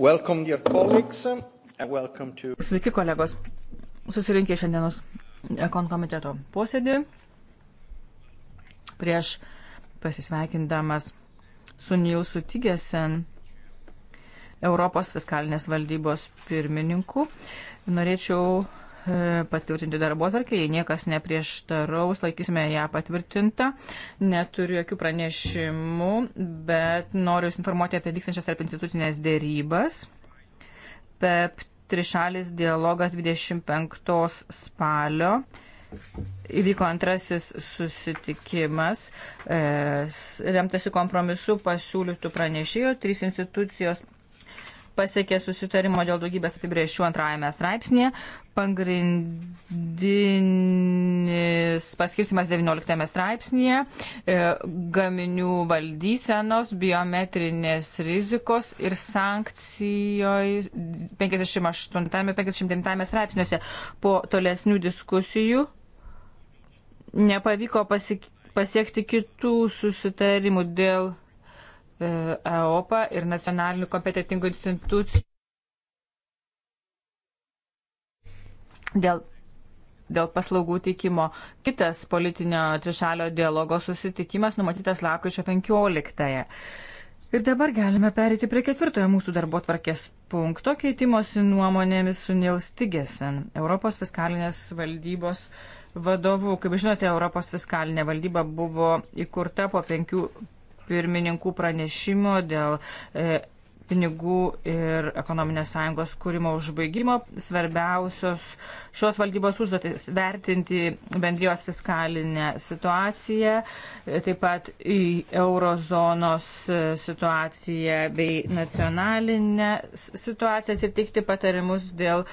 Welcome, dear colleagues. Welcome to... Sveiki, kolegos. Susirinkę šiandienos ekon komiteto posėdį. Prieš pasisveikindamas su Nilsu Tigesen, Europos fiskalinės valdybos pirmininku, norėčiau E, patvirtinti darbo atvarkę, jei niekas neprieštaraus, laikysime ją patvirtintą. Neturiu jokių pranešimų, bet noriu jūs informuoti apie vykstančias tarp institucinės dėrybas. PEP trišalis dialogas 25 spalio. Įvyko antrasis susitikimas, e, remtasi kompromisu pasiūlytų pranešėjų, trys institucijos pasiekė susitarimo dėl daugybės apibrėžčių antrajame straipsnėje. Pagrindinis paskirstimas 19 straipsnėje e, - gaminių valdysenos, biometrinės rizikos ir sankcijoje 58-59 straipsniuose po tolesnių diskusijų nepavyko pasiekti kitų susitarimų dėl EOPA ir nacionalinių kompetitingų institucijų. Dėl, dėl paslaugų teikimo. Kitas politinio trišalio dialogo susitikimas numatytas lapkričio 15-ąją. Ir dabar galime perėti prie ketvirtojo mūsų darbo tvarkės punkto keitimosi nuomonėmis su Nils Tigesen, Europos fiskalinės valdybos vadovu. Kaip žinote, Europos fiskalinė valdyba buvo įkurta po penkių pirmininkų pranešimo dėl e, pinigų ir ekonominės sąjungos kūrimo užbaigimo. Svarbiausios šios valdybos užduotis - vertinti bendrijos fiskalinę situaciją, e, taip pat į eurozonos e, situaciją bei nacionalinę situaciją ir teikti patarimus dėl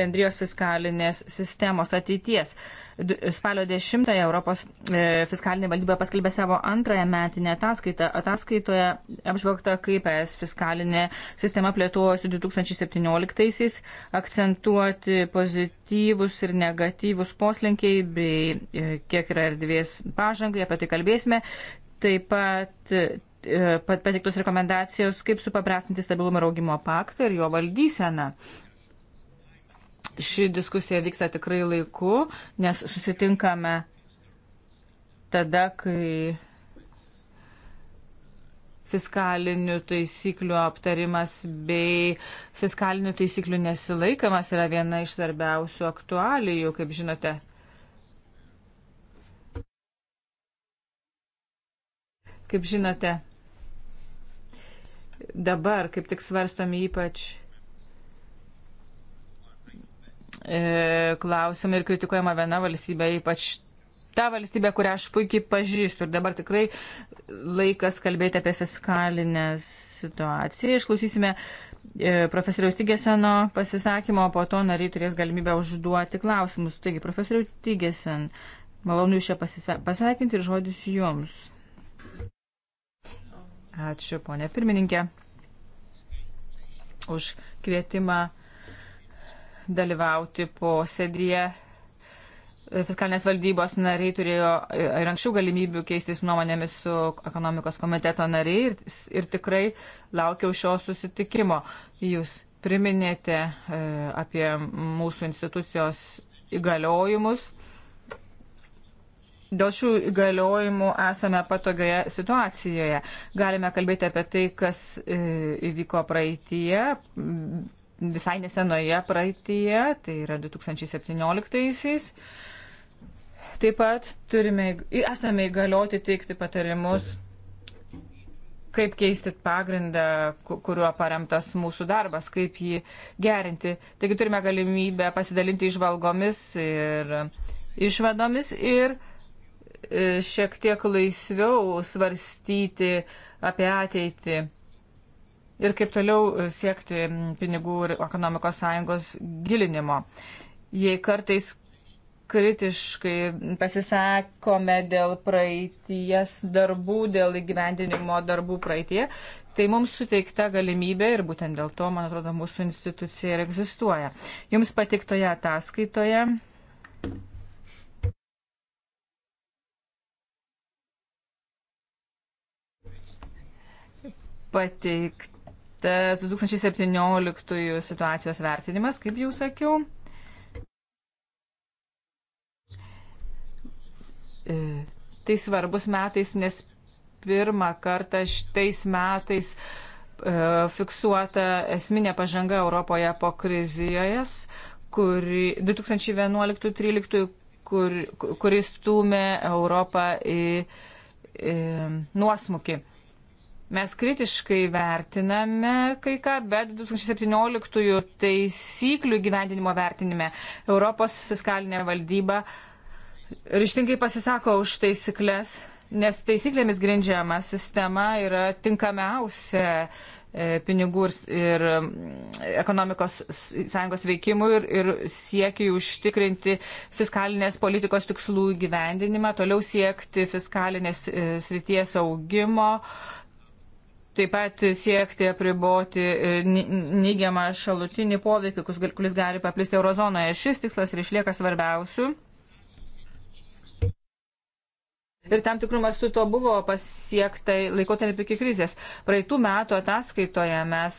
bendrijos fiskalinės sistemos ateities spalio 10 Europos e, fiskalinė valdyba paskelbė savo antrąją metinę ataskaitą. Ataskaitoje apžvelgta, kaip es fiskalinė sistema plėtuojasi 2017-aisiais, akcentuoti pozityvus ir negatyvus poslinkiai bei e, kiek yra erdvės pažangai, apie tai kalbėsime. Taip e, pat pateiktos rekomendacijos, kaip supaprastinti stabilumo ir augimo paktą ir jo valdyseną ši diskusija vyksta tikrai laiku, nes susitinkame tada, kai fiskalinių taisyklių aptarimas bei fiskalinių taisyklių nesilaikamas yra viena iš svarbiausių aktualijų, kaip žinote. Kaip žinote, dabar kaip tik svarstomi ypač E, klausimai ir kritikuojama viena valstybė, ypač ta valstybė, kurią aš puikiai pažįstu. Ir dabar tikrai laikas kalbėti apie fiskalinę situaciją. Išklausysime e, profesoriaus Tygeseno pasisakymo, o po to nariai turės galimybę užduoti klausimus. Taigi, profesoriaus Tygesen, malonu jūs čia pasveikinti ir žodis jums. Ačiū, ponė pirmininkė, už kvietimą dalyvauti posėdėje. Fiskalinės valdybos nariai turėjo ir anksčiau galimybių keistis nuomonėmis su ekonomikos komiteto nariai ir, ir tikrai laukiau šio susitikimo. Jūs priminėte e, apie mūsų institucijos įgaliojimus. Dėl šių įgaliojimų esame patogioje situacijoje. Galime kalbėti apie tai, kas e, įvyko praeitie, visai nesenoje praeitie, tai yra 2017-aisiais. Taip pat turime, esame įgalioti teikti patarimus, kaip keisti pagrindą, kuriuo paremtas mūsų darbas, kaip jį gerinti. Taigi turime galimybę pasidalinti išvalgomis ir išvadomis ir e, šiek tiek laisviau svarstyti apie ateitį ir kaip toliau e, siekti pinigų ir ekonomikos sąjungos gilinimo. Jei kartais kritiškai pasisakome dėl praeities darbų, dėl įgyvendinimo darbų praeitie, tai mums suteikta galimybė ir būtent dėl to, man atrodo, mūsų institucija ir egzistuoja. Jums patiktoje ataskaitoje. Pateikti E, tas 2017 situacijos vertinimas, kaip jau sakiau. E, tai svarbus metais, nes pirmą kartą šitais metais e, fiksuota esminė pažanga Europoje po krizijoje, kuri 2011-2013, kur, kuris stumė Europą į, į nuosmukį. Mes kritiškai vertiname kai ką, bet 2017 taisyklių gyvendinimo vertinime Europos fiskalinė valdyba ryštingai pasisako už taisyklės, nes taisyklėmis grindžiama sistema yra tinkamiausia e, pinigų ir, ir mm, ekonomikos sąjungos veikimų ir, ir siekiai užtikrinti fiskalinės politikos tikslų įgyvendinimą, toliau siekti fiskalinės e, srities augimo, taip pat siekti apriboti e, neigiamą šalutinį poveikį, kuris gali paplisti eurozonoje. Šis tikslas ir išlieka svarbiausių. Ir tam tikrų mastų to buvo pasiektai laikotarpį iki krizės. Praeitų metų ataskaitoje mes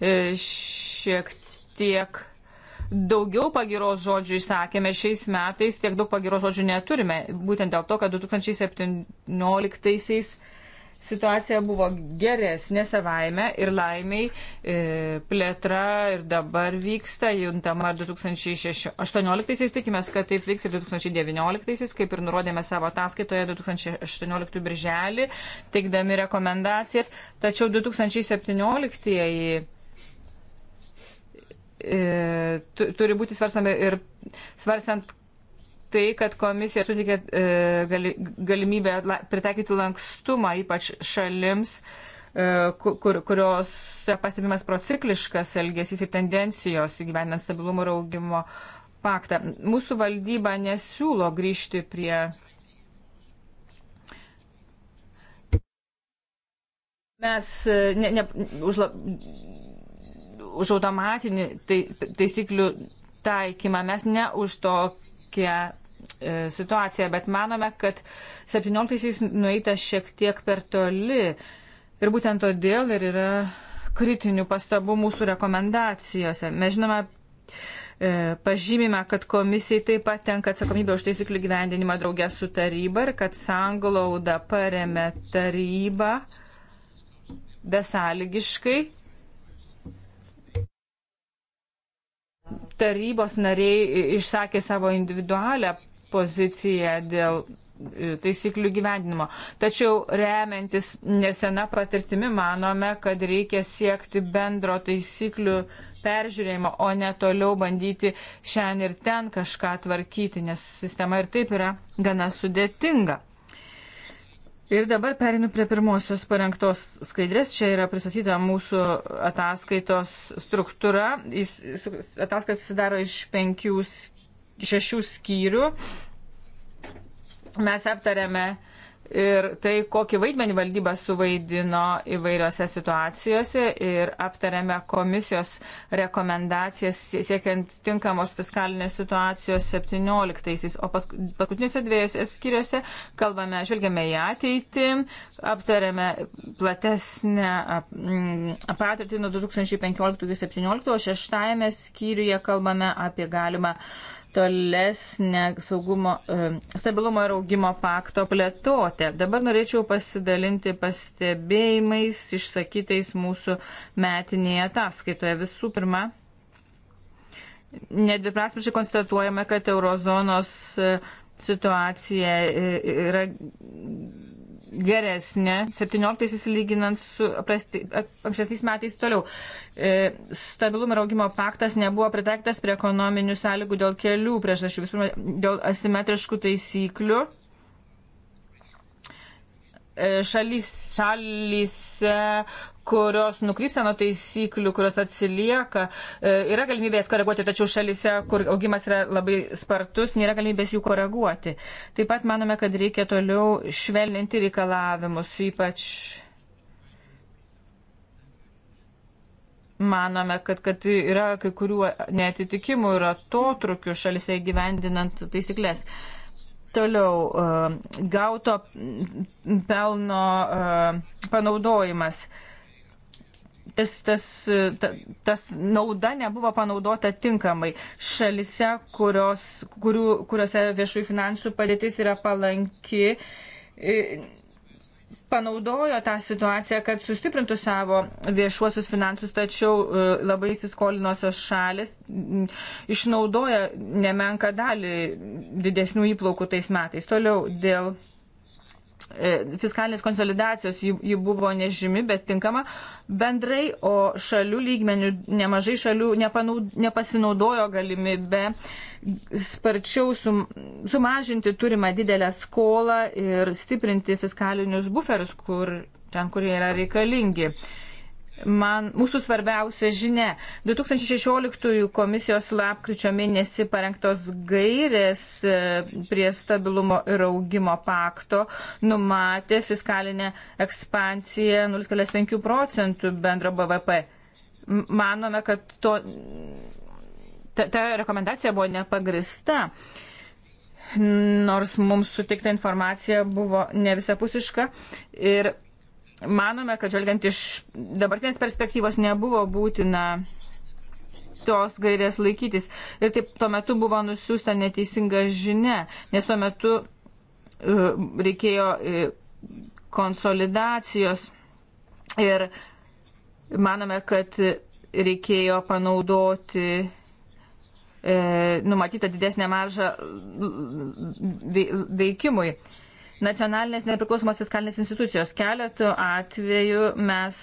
e, šiek tiek daugiau pagiros žodžių išsakėme šiais metais, tiek daug pagiros žodžių neturime. Būtent dėl to, kad 2017 situacija buvo geresnė savaime ir laimiai e, plėtra ir dabar vyksta, juntama 2018-aisiais, tikimės, kad taip vyks ir 2019-aisiais, kaip ir nurodėme savo ataskaitoje 2018 birželį, teikdami rekomendacijas, tačiau 2017-ieji e, turi būti svarstami ir svarstant tai, kad komisija sutikė e, gali, galimybę la, pritaikyti lankstumą, ypač šalims, e, kur, kurios pastebimas procikliškas elgesys ir tendencijos įgyvendinant stabilumo ir augimo paktą. Mūsų valdyba nesiūlo grįžti prie mes e, ne, ne, už, la, už automatinį tai, taisyklių taikymą, mes ne už to tokia e, situacija, bet manome, kad 17-aisiais nueita šiek tiek per toli ir būtent todėl ir yra kritinių pastabų mūsų rekomendacijose. Mes žinome, pažymime, kad komisijai taip pat tenka atsakomybė už taisyklių gyvendinimą draugę su taryba ir kad sanglauda paremė tarybą besąlygiškai Tarybos nariai išsakė savo individualią poziciją dėl e, taisyklių gyvendinimo. Tačiau remiantis nesena patirtimi manome, kad reikia siekti bendro taisyklių peržiūrėjimo, o ne toliau bandyti šiandien ir ten kažką tvarkyti, nes sistema ir taip yra gana sudėtinga. Ir dabar perinu prie pirmosios parengtos skaidrės. Čia yra pristatyta mūsų ataskaitos struktūra. Ataskaita susidaro iš penkių, šešių skyrių. Mes aptarėme uh, ir tai, kokį vaidmenį valdyba suvaidino įvairiose situacijose ir aptarėme komisijos rekomendacijas siekiant tinkamos fiskalinės situacijos 17-aisiais. O paskutiniuose dviejose skiriuose kalbame, žvelgiame į ateitį, aptarėme platesnę mm, patirtį nuo 2015-2017, o šeštajame skyriuje kalbame apie galimą tolesnę saugumo, stabilumo ir augimo pakto plėtotę. Dabar norėčiau pasidalinti pastebėjimais išsakytais mūsų metinėje ataskaitoje. Visų pirma, nedviprasmiškai konstatuojame, kad eurozonos e, situacija e, yra geresnė, 17-aisiais lyginant su ankstesniais metais toliau. E, stabilumo ir augimo paktas nebuvo pritaiktas prie ekonominių sąlygų dėl kelių priežasčių. Visų pirma, dėl asimetriškų taisyklių. E, šalys, šalyse, kurios nukrypsta nuo taisyklių, kurios atsilieka, e, yra galimybės koreguoti, tačiau šalise, kur augimas yra labai spartus, nėra galimybės jų koreguoti. Taip pat manome, kad reikia toliau švelninti reikalavimus, ypač manome, kad, kad yra kai kurių netitikimų ir atotrukių šalise įgyvendinant taisyklės. Toliau, e, gauto pelno e, panaudojimas tas, tas, ta, tas nauda nebuvo panaudota tinkamai. Šalise, kurios, kurių, kuriuose viešųjų finansų padėtis yra palanki, panaudojo tą situaciją, kad sustiprintų savo viešuosius finansus, tačiau e, labai įsiskolinosios šalis išnaudoja nemenka dalį didesnių įplaukų tais metais. Toliau dėl E, fiskalinės konsolidacijos ji, ji buvo nežymi, bet tinkama bendrai, o šalių lygmenių nemažai šalių nepanaud, nepasinaudojo galimybę sparčiau sum, sumažinti turimą didelę skolą ir stiprinti fiskalinius buferius, kur, ten, kur jie yra reikalingi. Uh, man, mūsų svarbiausia žinia. 2016 komisijos lapkričio mėnesį parengtos gairės e, prie stabilumo ir augimo pakto numatė fiskalinę ekspansiją 0,5 procentų bendro BVP. Manome, kad to, ta, ta rekomendacija buvo nepagrista. Nors mums sutikta informacija buvo ne visapusiška ir manome, kad žvelgiant iš dabartinės perspektyvos nebuvo būtina tos gairės laikytis. Ir taip tuo metu buvo nusiųsta neteisinga žinia, nes tuo metu uh, reikėjo uh, konsolidacijos ir manome, kad reikėjo panaudoti uh, numatytą didesnę maržą veikimui. Uh, nacionalinės nepriklausomos fiskalinės institucijos. Keletų atvejų mes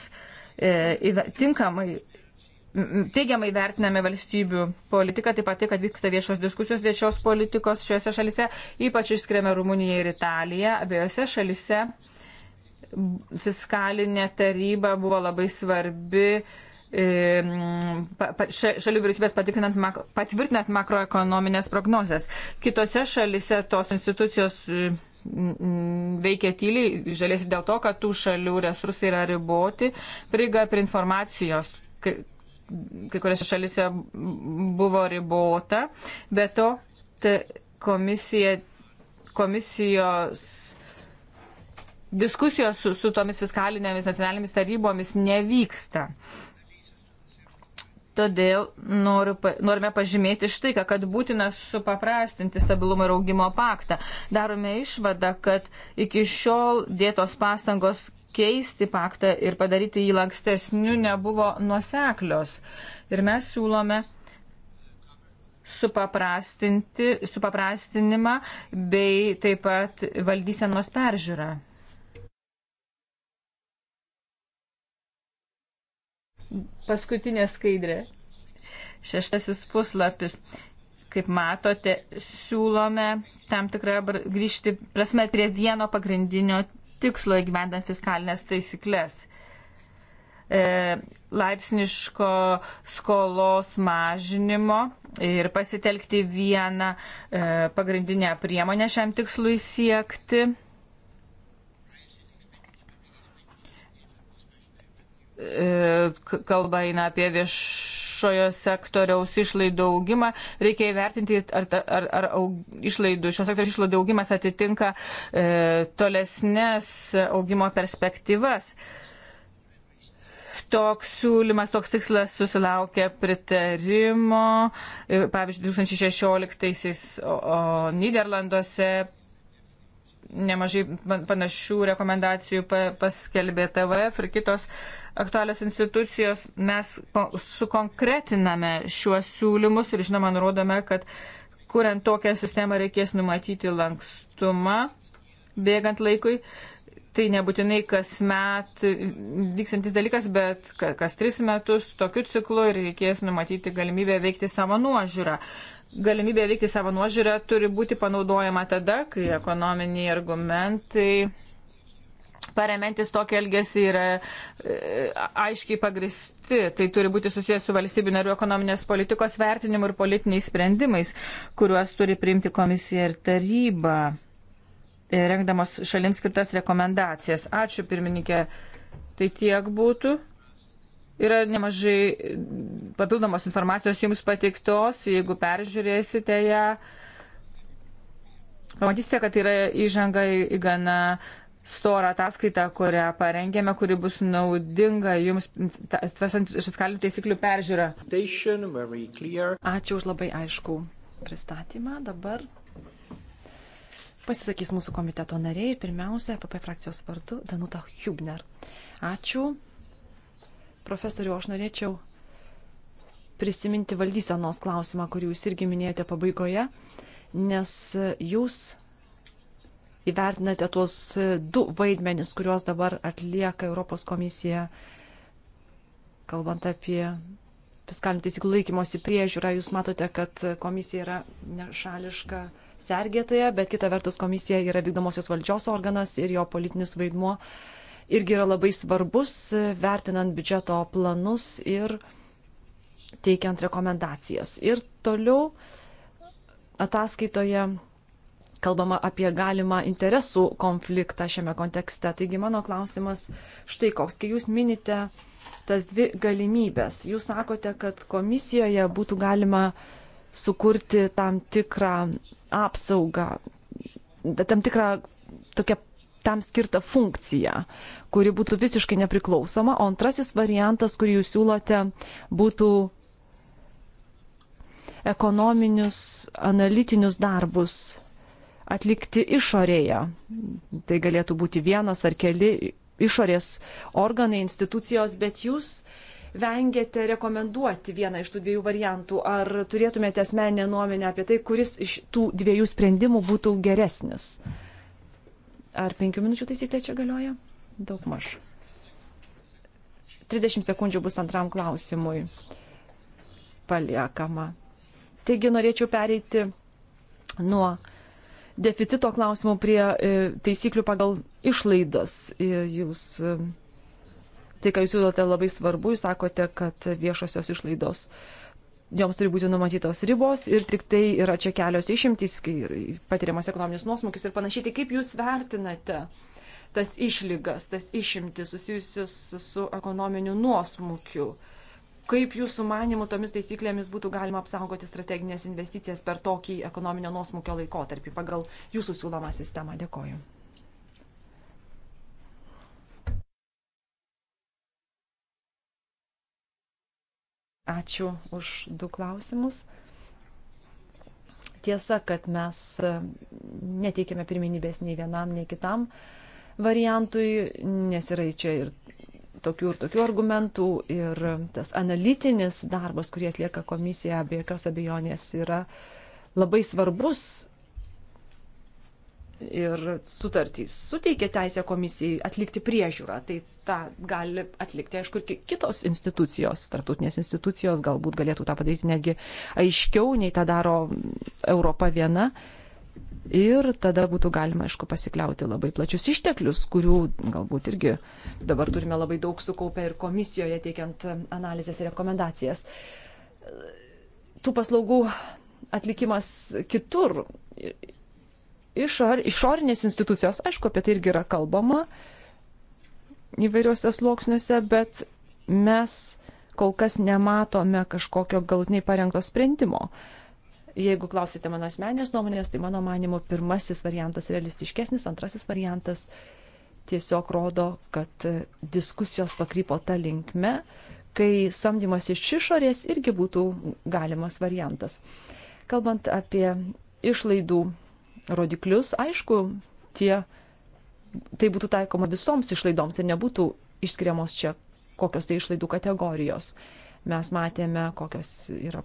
e, tinkamai teigiamai vertiname valstybių politiką, taip pat tai, kad vyksta viešos diskusijos dėl šios politikos šiuose šalise, ypač išskiriame Rumuniją ir Italiją. Abiejose šalise fiskalinė taryba buvo labai svarbi e, šalių vyriausybės patvirtinant makroekonominės prognozes. Kitose šalise tos institucijos e, veikia tyliai, žalės dėl to, kad tų šalių resursai yra riboti, priga prie informacijos. Kai, kai kuriuose šalise buvo ribota, bet to te, komisija, komisijos diskusijos su, su tomis fiskalinėmis nacionalinėmis tarybomis nevyksta. Uh, Todėl noriu, norime pažymėti štai, kad būtina supaprastinti stabilumo ir augimo paktą. Darome išvadą, kad iki šiol dėtos pastangos keisti paktą ir padaryti jį lankstesniu nebuvo nuoseklios. Ir mes siūlome supaprastinimą bei taip pat valdysenos peržiūrą. Paskutinė skaidrė. Šeštasis puslapis. Kaip matote, siūlome tam tikrą grįžti prasme prie vieno pagrindinio tikslo įgyvendant fiskalinės taisyklės e, laipsniško skolos mažinimo ir pasitelkti vieną e, pagrindinę priemonę šiam tikslui siekti. E, kalba eina apie viešojo sektoriaus išlaidų augimą, reikia įvertinti, ar, ar, ar aug, išlaidų, šios sektoriaus išlaidų augimas atitinka e, tolesnės augimo perspektyvas. Toks siūlymas, toks tikslas susilaukė pritarimo. E, pavyzdžiui, 2016 o, o, Niderlanduose nemažai panašių rekomendacijų paskelbė TVF ir kitos aktualios institucijos. Mes sukonkretiname šiuos siūlymus ir žinoma nurodome, kad kuriant tokią sistemą reikės numatyti lankstumą bėgant laikui. Tai nebūtinai kas met vyksantis dalykas, bet kas tris metus tokiu ciklu ir reikės numatyti galimybę veikti savo nuožiūrą. Uh, galimybė veikti savo nuožiūrę turi būti panaudojama tada, kai ekonominiai argumentai parementis tokį elgesį yra e, aiškiai pagristi. Tai turi būti susijęs su valstybių narių ekonominės politikos vertinimu ir politiniais sprendimais, kuriuos turi priimti komisija ir taryba, e, rengdamos šalims skirtas rekomendacijas. Ačiū pirmininkė. Tai tiek būtų. Yra nemažai mm, papildomos informacijos jums pateiktos, jeigu peržiūrėsite ją. Pamatysite, kad yra įžanga į gana storą ataskaitą, kurią parengėme, kuri bus naudinga jums tvesant fiskalių taisyklių peržiūrą. Ačiū už labai aišku pristatymą. Dabar pasisakys mūsų komiteto nariai. Pirmiausia, PP frakcijos vardu Danuta Hubner. Ačiū. Profesoriu, aš norėčiau prisiminti valdysenos klausimą, kurį jūs irgi minėjote pabaigoje, nes jūs įvertinate tuos du vaidmenis, kuriuos dabar atlieka Europos komisija, kalbant apie fiskalinių taisyklų laikymosi priežiūrą. Jūs matote, kad komisija yra nešališka sergėtoja, bet kita vertus komisija yra vykdomosios valdžios organas ir jo politinis vaidmuo irgi yra labai svarbus, e, vertinant biudžeto planus ir teikiant rekomendacijas. Ir toliau ataskaitoje kalbama apie galimą interesų konfliktą šiame kontekste. Taigi mano klausimas štai koks, kai jūs minite tas dvi galimybės, jūs sakote, kad komisijoje būtų galima sukurti tam tikrą apsaugą, tam tikrą tokią tam skirtą funkciją, kuri būtų visiškai nepriklausoma, o antrasis variantas, kurį jūs siūlote, būtų ekonominius analitinius darbus atlikti išorėje. Tai galėtų būti vienas ar keli išorės organai, institucijos, bet jūs vengiate rekomenduoti vieną iš tų dviejų variantų. Ar turėtumėte asmeninę nuomonę apie tai, kuris iš tų dviejų sprendimų būtų geresnis? Mhm. Ar penkių minučių taisyklė čia galioja? Daug maž. 30 sekundžių bus antram klausimui paliekama. Taigi norėčiau pereiti nuo deficito klausimų prie e, taisyklių pagal išlaidas. E, jūs, e, tai, ką jūs siūlote, labai svarbu. Jūs sakote, kad viešosios išlaidos uh, joms turi būti numatytos ribos ir tik tai yra čia kelios išimtys, kai patiriamas ekonominis nuosmukis ir panašiai. Tai kaip jūs vertinate tas išlygas, tas išimtis susijusius su ekonominiu nuosmukiu? Kaip jūsų manimų tomis taisyklėmis būtų galima apsaugoti strateginės investicijas per tokį ekonominio nuosmukio laikotarpį pagal jūsų siūlomą sistemą? Dėkoju. Ačiū už du klausimus. Tiesa, kad mes e, neteikėme pirminybės nei vienam, nei kitam variantui, nes yra čia ir tokių ir tokių argumentų ir tas analitinis darbas, kurį atlieka komisija, be jokios abejonės yra labai svarbus ir sutartys suteikia teisę komisijai atlikti priežiūrą. Tai tą gali atlikti, aišku, ir kitos institucijos, tarptautinės institucijos galbūt galėtų tą padaryti negi aiškiau, nei tą daro Europa viena. Ir tada būtų galima, aišku, pasikliauti labai plačius išteklius, kurių galbūt irgi dabar turime labai daug sukaupę ir komisijoje teikiant analizės ir rekomendacijas. Tų paslaugų atlikimas kitur išor, išorinės institucijos, aišku, apie tai irgi yra kalbama įvairiuose sluoksniuose, bet mes kol kas nematome kažkokio galutiniai parengto sprendimo. Jeigu klausite mano asmenės nuomonės, tai mano manimo pirmasis variantas realistiškesnis, antrasis variantas tiesiog rodo, kad diskusijos pakrypo tą linkmę, kai samdymas iš išorės irgi būtų galimas variantas. Kalbant apie išlaidų rodiklius, aišku, tie, tai būtų taikoma visoms išlaidoms ir nebūtų išskiriamos čia kokios tai išlaidų kategorijos. Mes matėme, kokios yra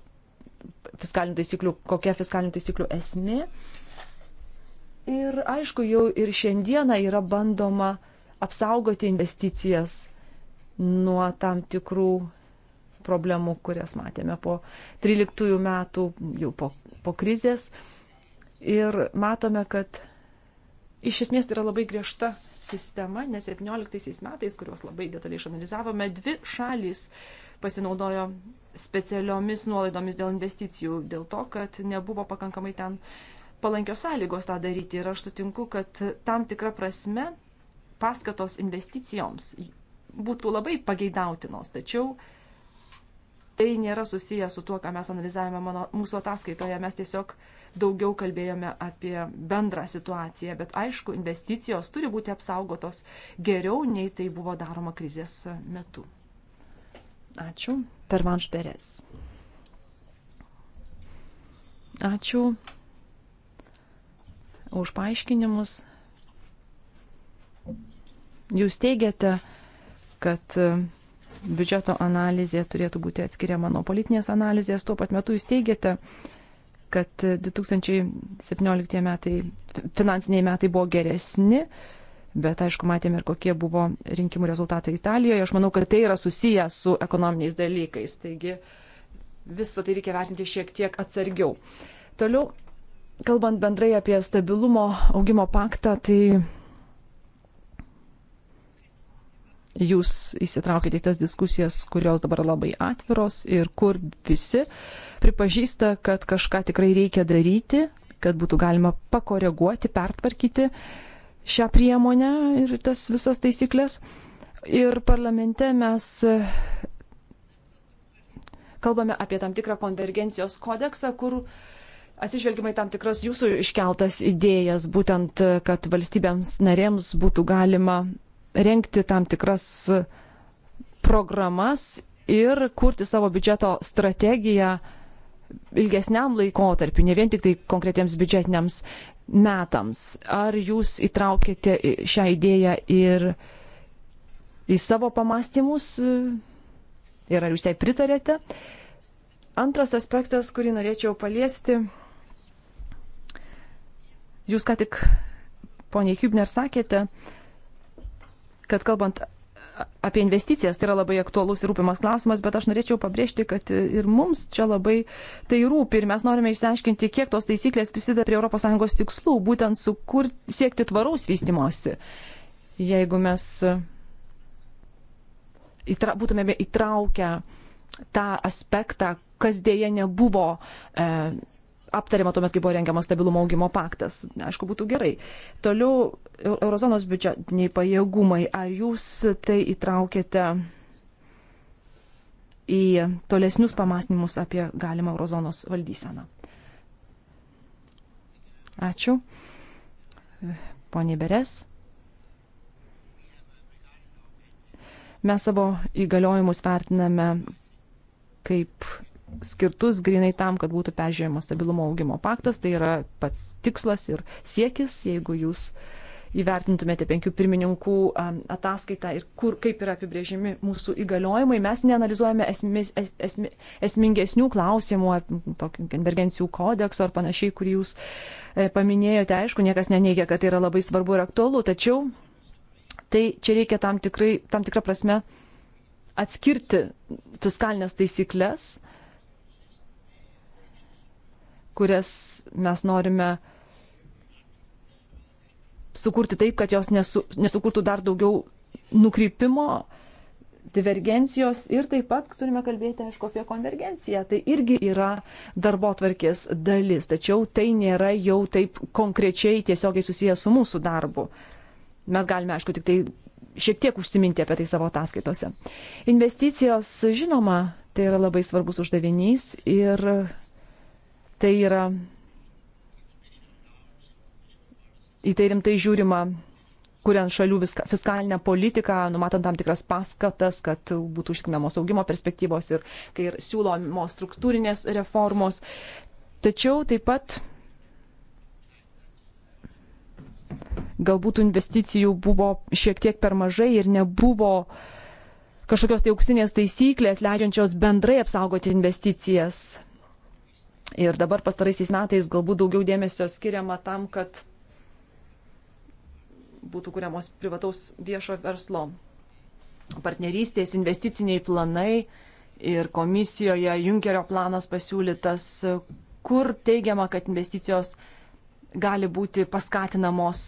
fiskalinių taisyklių, kokia fiskalinių taisyklių esmė. Ir aišku, jau ir šiandieną yra bandoma apsaugoti investicijas nuo tam tikrų problemų, kurias matėme po 13 metų, jau po, po krizės. Ir matome, kad iš esmės tai yra labai griežta sistema, nes 17 metais, kuriuos labai detaliai išanalizavome, dvi šalys pasinaudojo specialiomis nuolaidomis dėl investicijų, dėl to, kad nebuvo pakankamai ten palankios sąlygos tą daryti. Ir aš sutinku, kad tam tikra prasme paskatos investicijoms būtų labai pageidautinos, tačiau tai nėra susiję su tuo, ką mes analizavome mano, mūsų ataskaitoje. Mes tiesiog uh, daugiau kalbėjome apie bendrą situaciją, bet aišku, investicijos turi būti apsaugotos geriau, nei tai buvo daroma krizės metu. Ačiū. Per Manšperės. Ačiū už paaiškinimus. Jūs teigiate, kad biudžeto analizė turėtų būti atskiriama nuo politinės analizės. Tuo pat metu jūs teigiate, kad 2017 metai, finansiniai metai buvo geresni, bet aišku, matėme ir kokie buvo rinkimų rezultatai Italijoje. Aš manau, kad tai yra susiję su ekonominiais dalykais, taigi visą tai reikia vertinti šiek tiek atsargiau. Toliau, kalbant bendrai apie stabilumo augimo paktą, tai jūs įsitraukite į tas diskusijas, kurios dabar labai atviros ir kur visi pripažįsta, kad kažką tikrai reikia daryti, kad būtų galima pakoreguoti, pertvarkyti šią priemonę ir tas visas taisyklės. Ir parlamente mes e, kalbame apie tam tikrą konvergencijos kodeksą, kur atsižvelgimai tam tikras jūsų iškeltas idėjas, būtent, e, kad valstybėms narėms būtų galima renkti tam tikras programas ir kurti savo biudžeto strategiją ilgesniam laikotarpiu, ne vien tik tai konkretiems biudžetiniams metams. Ar jūs įtraukėte šią idėją ir į savo pamastymus ir ar jūs tai pritarėte? Antras aspektas, kurį norėčiau paliesti, jūs ką tik, poniai Hübner, sakėte, kad kalbant apie investicijas, tai yra labai aktuolus ir rūpimas klausimas, bet aš norėčiau pabrėžti, kad ir mums čia labai tai rūpi ir mes norime išsiaiškinti, kiek tos taisyklės prisideda prie ES tikslų, būtent sukur, siekti tvaraus vystimosi. Jeigu mes įtra, būtumėme įtraukę tą aspektą, kas dėja nebuvo e, aptariama tuomet, kai buvo rengiamas stabilumo augimo paktas. Aišku, būtų gerai. Toliau, eurozonos biudžetiniai pajėgumai. Ar jūs tai įtraukėte į tolesnius pamastymus apie galimą eurozonos valdyseną? Ačiū. Pone Beres. Mes savo įgaliojimus vertiname kaip skirtus grinai tam, kad būtų peržiūrėjimas stabilumo augimo paktas. Tai yra pats tikslas ir siekis, jeigu jūs įvertintumėte penkių pirmininkų um, ataskaitą ir kur, kaip yra apibrėžimi mūsų įgaliojimai. Mes neanalizuojame esmis, es, esmi, esmingesnių klausimų, tokių konvergencijų kodekso ar panašiai, kurį jūs e, paminėjote. Aišku, niekas neneigia, kad tai yra labai svarbu ir aktualu, tačiau tai čia reikia tam, tikrai, tam tikrą prasme atskirti fiskalinės taisyklės kurias mes norime sukurti taip, kad jos nesu, nesukurtų dar daugiau nukrypimo, divergencijos ir taip pat turime kalbėti, aišku, apie konvergenciją. Tai irgi yra darbo tvarkės dalis, tačiau tai nėra jau taip konkrečiai tiesiogiai susijęs su mūsų darbu. Mes galime, aišku, tik tai šiek tiek užsiminti apie tai savo ataskaitose. Investicijos, žinoma, tai yra labai svarbus uždavinys ir Tai yra į tai rimtai žiūrima, kuriant šalių viską, fiskalinę politiką, numatant tam tikras paskatas, kad būtų užtikrinamos augimo perspektyvos ir kai ir siūlomos struktūrinės reformos. Tačiau taip pat galbūt investicijų buvo šiek tiek per mažai ir nebuvo kažkokios tai auksinės taisyklės, leidžiančios bendrai apsaugoti investicijas Ir dabar pastaraisiais metais galbūt daugiau dėmesio skiriama tam, kad būtų kuriamos privataus viešo verslo partnerystės, investiciniai planai ir komisijoje Junkerio planas pasiūlytas, kur teigiama, kad investicijos gali būti paskatinamos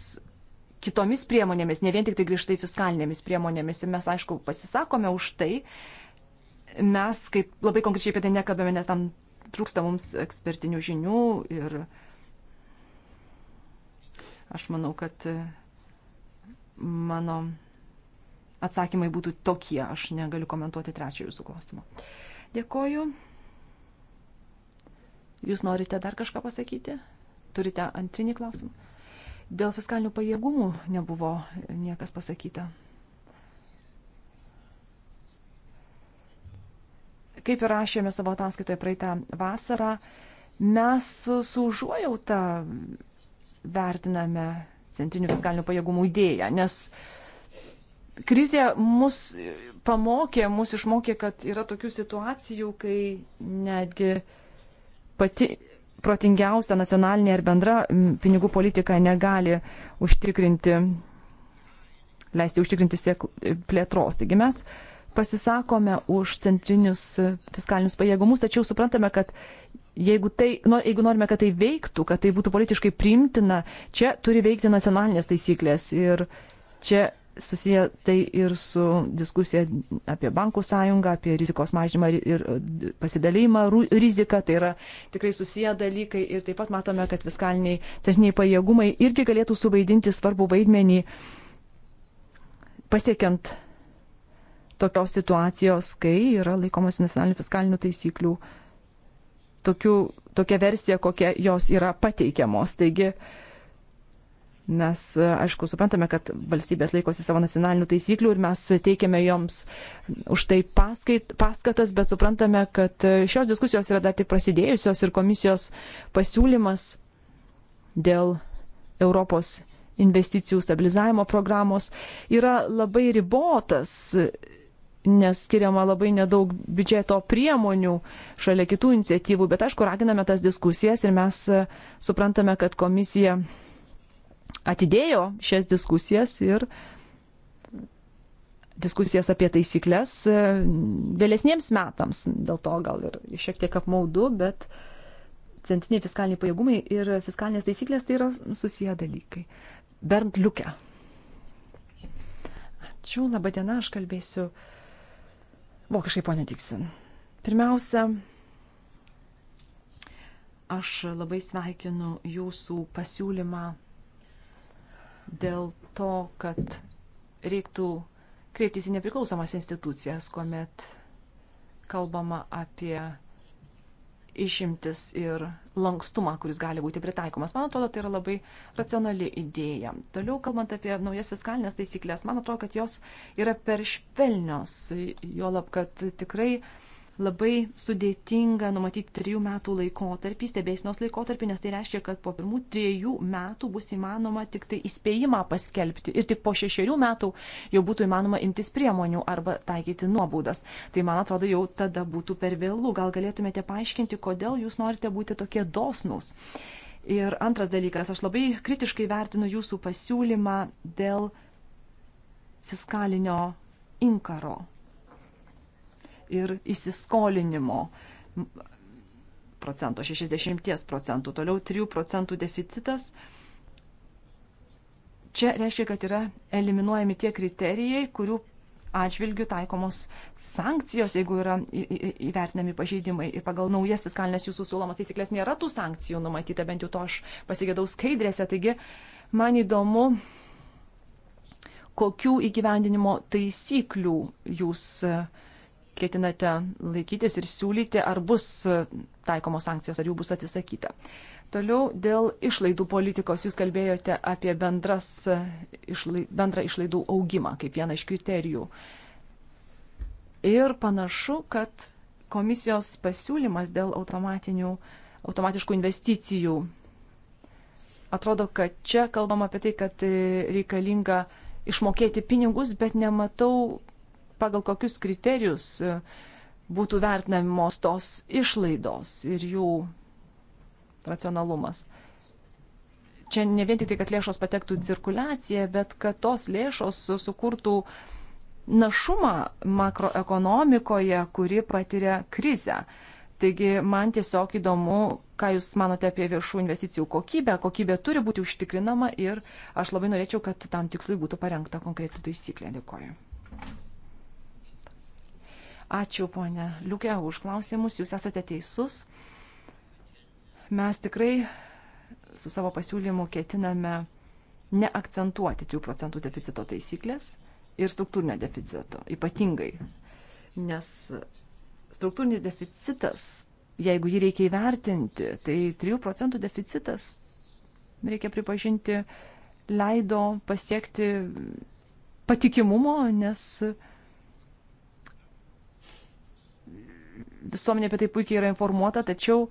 kitomis priemonėmis, ne vien tik tai grįžtai fiskalinėmis priemonėmis. Ir mes, aišku, pasisakome už tai. Mes kaip labai konkrečiai apie tai nekalbame, nes tam trūksta mums ekspertinių žinių ir aš manau, kad e, mano atsakymai būtų tokie. Aš negaliu komentuoti trečio jūsų klausimo. Dėkoju. Jūs norite dar kažką pasakyti? Turite antrinį klausimą? Dėl fiskalinių pajėgumų nebuvo niekas pasakyta. Kaip ir rašėme savo ataskaitoje praeitą vasarą, mes su užuojauta vertiname centrinių fiskalinių pajėgumų idėją, nes krizė mus pamokė, mus išmokė, kad yra tokių situacijų, kai netgi pati protingiausia nacionalinė ir bendra pinigų politika negali užtikrinti, leisti užtikrinti plėtros. Taigi mes uh, pasisakome už centrinius fiskalinius pajėgumus, tačiau suprantame, kad jeigu, tai, jeigu norime, kad tai veiktų, kad tai būtų politiškai priimtina, čia turi veikti nacionalinės taisyklės. Ir čia susiję tai ir su diskusija apie bankų sąjungą, apie rizikos mažymą ir e, pasidalymą riziką. Tai yra tikrai susiję dalykai. Ir taip pat matome, kad fiskaliniai techniniai pajėgumai irgi galėtų suvaidinti svarbų vaidmenį pasiekiant tokios situacijos, kai yra laikomas nacionalinių fiskalinių taisyklių tokių, tokia versija, kokia jos yra pateikiamos. Taigi, Mes, aišku, suprantame, kad valstybės laikosi savo nacionalinių taisyklių ir mes teikiame joms už tai paskait, paskatas, bet suprantame, kad šios diskusijos yra dar tik prasidėjusios ir komisijos pasiūlymas dėl Europos investicijų stabilizavimo programos yra labai ribotas nes skiriama labai nedaug biudžeto priemonių šalia kitų iniciatyvų, bet aišku, raginame tas diskusijas ir mes e, suprantame, kad komisija atidėjo šias diskusijas ir diskusijas apie taisyklės e, vėlesniems metams. Dėl to gal ir šiek tiek apmaudu, bet centriniai fiskaliniai pajėgumai ir fiskalinės taisyklės tai yra susiję dalykai. Bernd Liukė. Ačiū, laba diena, aš kalbėsiu uh, Vokiškai, ponė Tiksin. Pirmiausia, aš labai sveikinu jūsų pasiūlymą dėl to, kad reiktų kreiptis į nepriklausomas institucijas, kuomet kalbama apie išimtis ir lankstumą, kuris gali būti pritaikomas. Man atrodo, tai yra labai racionali idėja. Toliau, kalbant apie naujas fiskalinės taisyklės, man atrodo, kad jos yra per švelnios, juolab, kad tikrai uh, labai sudėtinga numatyti trijų metų laikotarpį, stebėsinos laikotarpį, nes tai reiškia, kad po pirmų trijų metų bus įmanoma tik tai įspėjimą paskelbti ir tik po šešerių metų jau būtų įmanoma imtis priemonių arba taikyti nuobaudas. Tai man atrodo, jau tada būtų per vėlų. Gal galėtumėte paaiškinti, kodėl jūs norite būti tokie dosnūs. Ir antras dalykas, aš labai kritiškai vertinu jūsų pasiūlymą dėl fiskalinio inkaro ir įsiskolinimo procento, 60 procentų, toliau 3 procentų deficitas. Čia reiškia, kad yra eliminuojami tie kriterijai, kurių atžvilgių taikomos sankcijos, jeigu yra įvertinami pažeidimai. Ir pagal naujas fiskalinės jūsų siūlomas taisyklės nėra tų sankcijų numatyta, bent jau to aš pasigėdau skaidrėse. Taigi, man įdomu, kokių įgyvendinimo taisyklių jūs uh, ketinate laikytis ir siūlyti, ar bus e, taikomos sankcijos, ar jų bus atsisakyta. Toliau dėl išlaidų politikos jūs kalbėjote apie bendras, e, išlai, bendrą išlaidų augimą kaip vieną iš kriterijų. Ir panašu, kad komisijos pasiūlymas dėl automatiškų investicijų atrodo, kad čia kalbam apie tai, kad e, reikalinga išmokėti pinigus, bet nematau pagal kokius kriterijus e, būtų vertinamos tos išlaidos ir jų racionalumas. Čia ne vien tik tai, kad lėšos patektų į cirkulaciją, bet kad tos lėšos sukurtų našumą makroekonomikoje, kuri patiria krizę. Taigi man tiesiog įdomu, ką Jūs manote apie viešų investicijų kokybę. Kokybė turi būti užtikrinama ir aš labai norėčiau, kad tam tikslui būtų parengta konkreti taisyklė. Dėkuoju. Ačiū, ponė Liukė, už klausimus. Jūs esate teisus. Mes tikrai su savo pasiūlymu ketiname neakcentuoti 3 procentų deficito taisyklės ir struktūrinio deficito ypatingai. Nes struktūrinis deficitas, jeigu jį reikia įvertinti, tai 3 procentų deficitas, reikia pripažinti, leido pasiekti patikimumo, nes visuomenė apie tai puikiai yra informuota, tačiau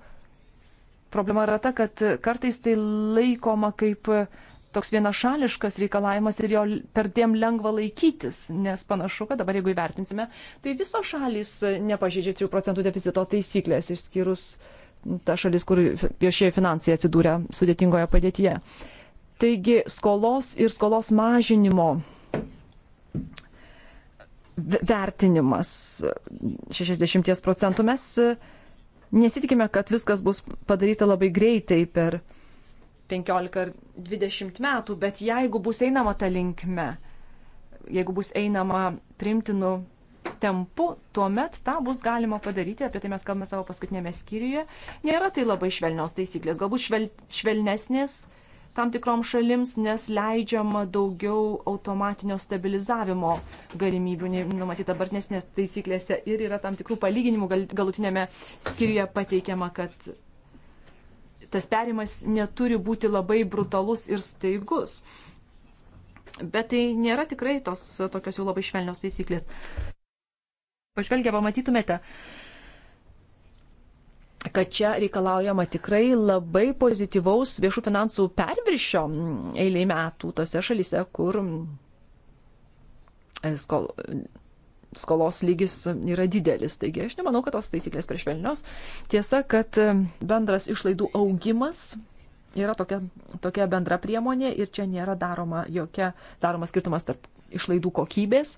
problema yra ta, kad kartais tai laikoma kaip toks vienašališkas reikalavimas ir jo perdėm lengva laikytis, nes panašu, kad dabar jeigu įvertinsime, tai visos šalys nepažydžia 3 procentų deficito taisyklės, išskyrus ta šalis, kur viešieji finansai atsidūrė sudėtingoje padėtyje. Taigi skolos ir skolos mažinimo vertinimas 60 procentų. Mes e, nesitikime, kad viskas bus padaryta labai greitai per 15 ar 20 metų, bet jeigu bus einama tą linkme, jeigu bus einama primtinu tempu, tuomet tą bus galima padaryti, apie tai mes kalbame savo paskutinėme skyriuje. Nėra tai labai švelnios taisyklės, galbūt švel, švelnesnės, švelnesnės tam tikroms šalims, nes leidžiama daugiau automatinio stabilizavimo galimybių, numatyta dabartinės taisyklėse ir yra tam tikrų palyginimų galutinėme skyriuje pateikiama, kad tas perimas neturi būti labai brutalus ir staigus. Bet tai nėra tikrai tos tokios jau labai švelnios taisyklės. Pažvelgę pamatytumėte, kad čia reikalaujama tikrai labai pozityvaus viešų finansų perviršio mm, eiliai metų tose šalyse, kur mm, e, skol, skolos lygis yra didelis. Taigi aš nemanau, kad tos taisyklės prieš velnios. Tiesa, kad e, bendras išlaidų augimas yra tokia, tokia bendra priemonė ir čia nėra daroma jokia, daromas skirtumas tarp išlaidų kokybės.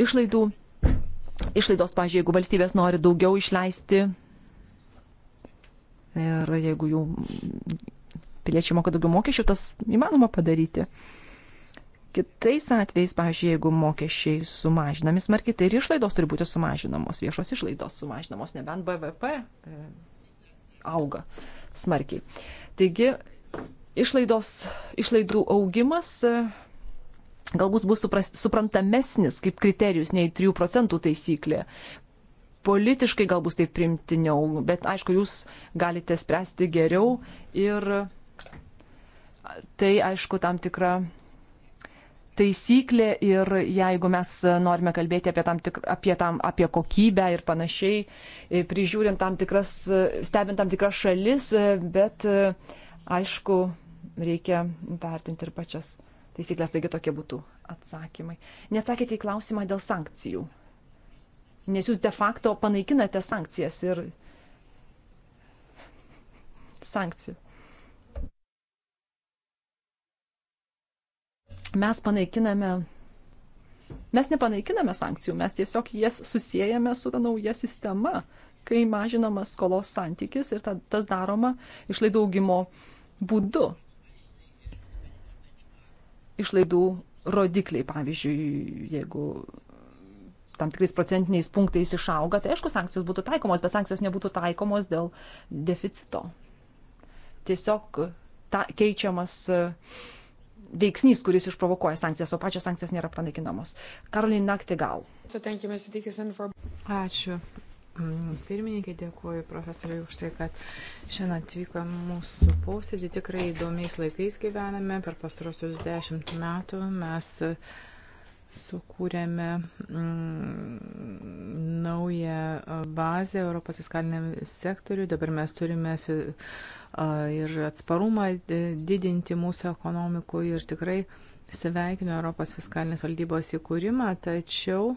Išlaidų išlaidos, pažiūrėjau, jeigu valstybės nori daugiau išleisti ir jeigu jų piliečiai moka daugiau mokesčių, tas įmanoma padaryti. Kitais atvejais, pažiūrėjau, jeigu mokesčiai sumažinami smarkiai, tai ir išlaidos turi būti sumažinamos, viešos išlaidos sumažinamos, nebent BVP e, auga smarkiai. Taigi, išlaidos, išlaidų augimas galbūt bus supras, suprantamesnis kaip kriterijus nei 3 procentų taisyklė. Politiškai galbūt tai primtiniau, bet aišku, jūs galite spręsti geriau ir tai aišku tam tikra taisyklė ir jeigu mes norime kalbėti apie, tam tik, apie, tam, apie kokybę ir panašiai, e, prižiūrint tam tikras, e, stebint tam tikras šalis, e, bet aišku, reikia vertinti ir pačias taisyklės, taigi tokie būtų atsakymai. Neatsakėte į klausimą dėl sankcijų, nes jūs de facto panaikinate sankcijas ir sankcijų. Mes panaikiname, mes nepanaikiname sankcijų, mes tiesiog jas susijęjame su ta nauja sistema, kai mažinamas skolos santykis ir ta, tas daroma išlaidų augimo būdu išlaidų rodikliai, pavyzdžiui, jeigu tam tikrais procentiniais punktais išauga, tai aišku, sankcijos būtų taikomos, bet sankcijos nebūtų taikomos dėl deficito. Tiesiog ta, keičiamas e, veiksnys, kuris išprovokuoja sankcijas, o pačios sankcijos nėra panaikinamos. Karolin Naktį gal. Ačiū Mm, pirmininkai, dėkuoju profesoriui už tai, kad šiandien atvyko mūsų posėdį. Tikrai įdomiais laikais gyvename. Per pastarosius dešimt metų mes e, sukūrėme mm, naują e, bazę Europos fiskaliniam sektoriui. Dabar mes turime e, ir atsparumą didinti mūsų ekonomikui ir tikrai sveikinu Europos fiskalinės valdybos įkūrimą, tačiau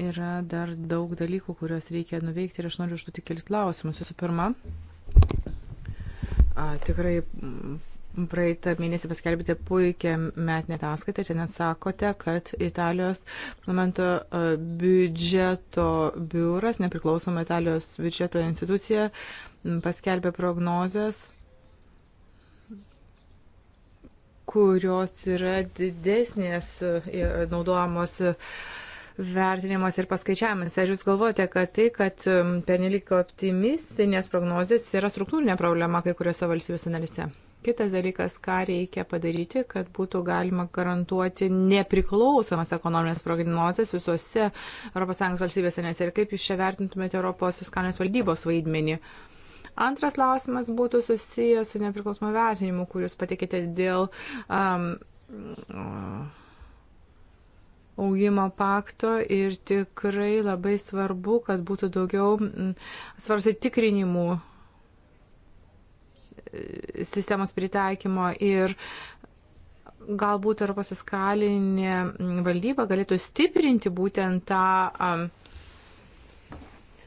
Yra dar daug dalykų, kuriuos reikia nuveikti ir aš noriu užduoti kelis klausimus. Visų pirma, a, tikrai praeitą mėnesį paskelbėte puikią metinę ataskaitą, čia nesakote, kad Italijos parlamento biudžeto biuras, nepriklausoma Italijos biudžeto institucija, paskelbė prognozes kurios yra didesnės naudojamos vertinimas ir paskaičiavimas. Ar jūs galvojate, kad tai, kad um, pernelik optimistinės prognozijas yra struktūrinė problema kai kuriuose valstybėse narise? Kitas dalykas, ką reikia padaryti, kad būtų galima garantuoti nepriklausomas ekonominės prognozes visose ES valstybėse, nes ir kaip jūs čia vertintumėte Europos fiskalinės valdybos vaidmenį? Antras klausimas būtų susijęs su nepriklausomu vertinimu, kurį jūs patikėte dėl um, augimo pakto ir tikrai labai svarbu, kad būtų daugiau mm, svarstai tikrinimų e, sistemos pritaikymo ir galbūt Europos fiskalinė mm, valdyba galėtų stiprinti būtent tą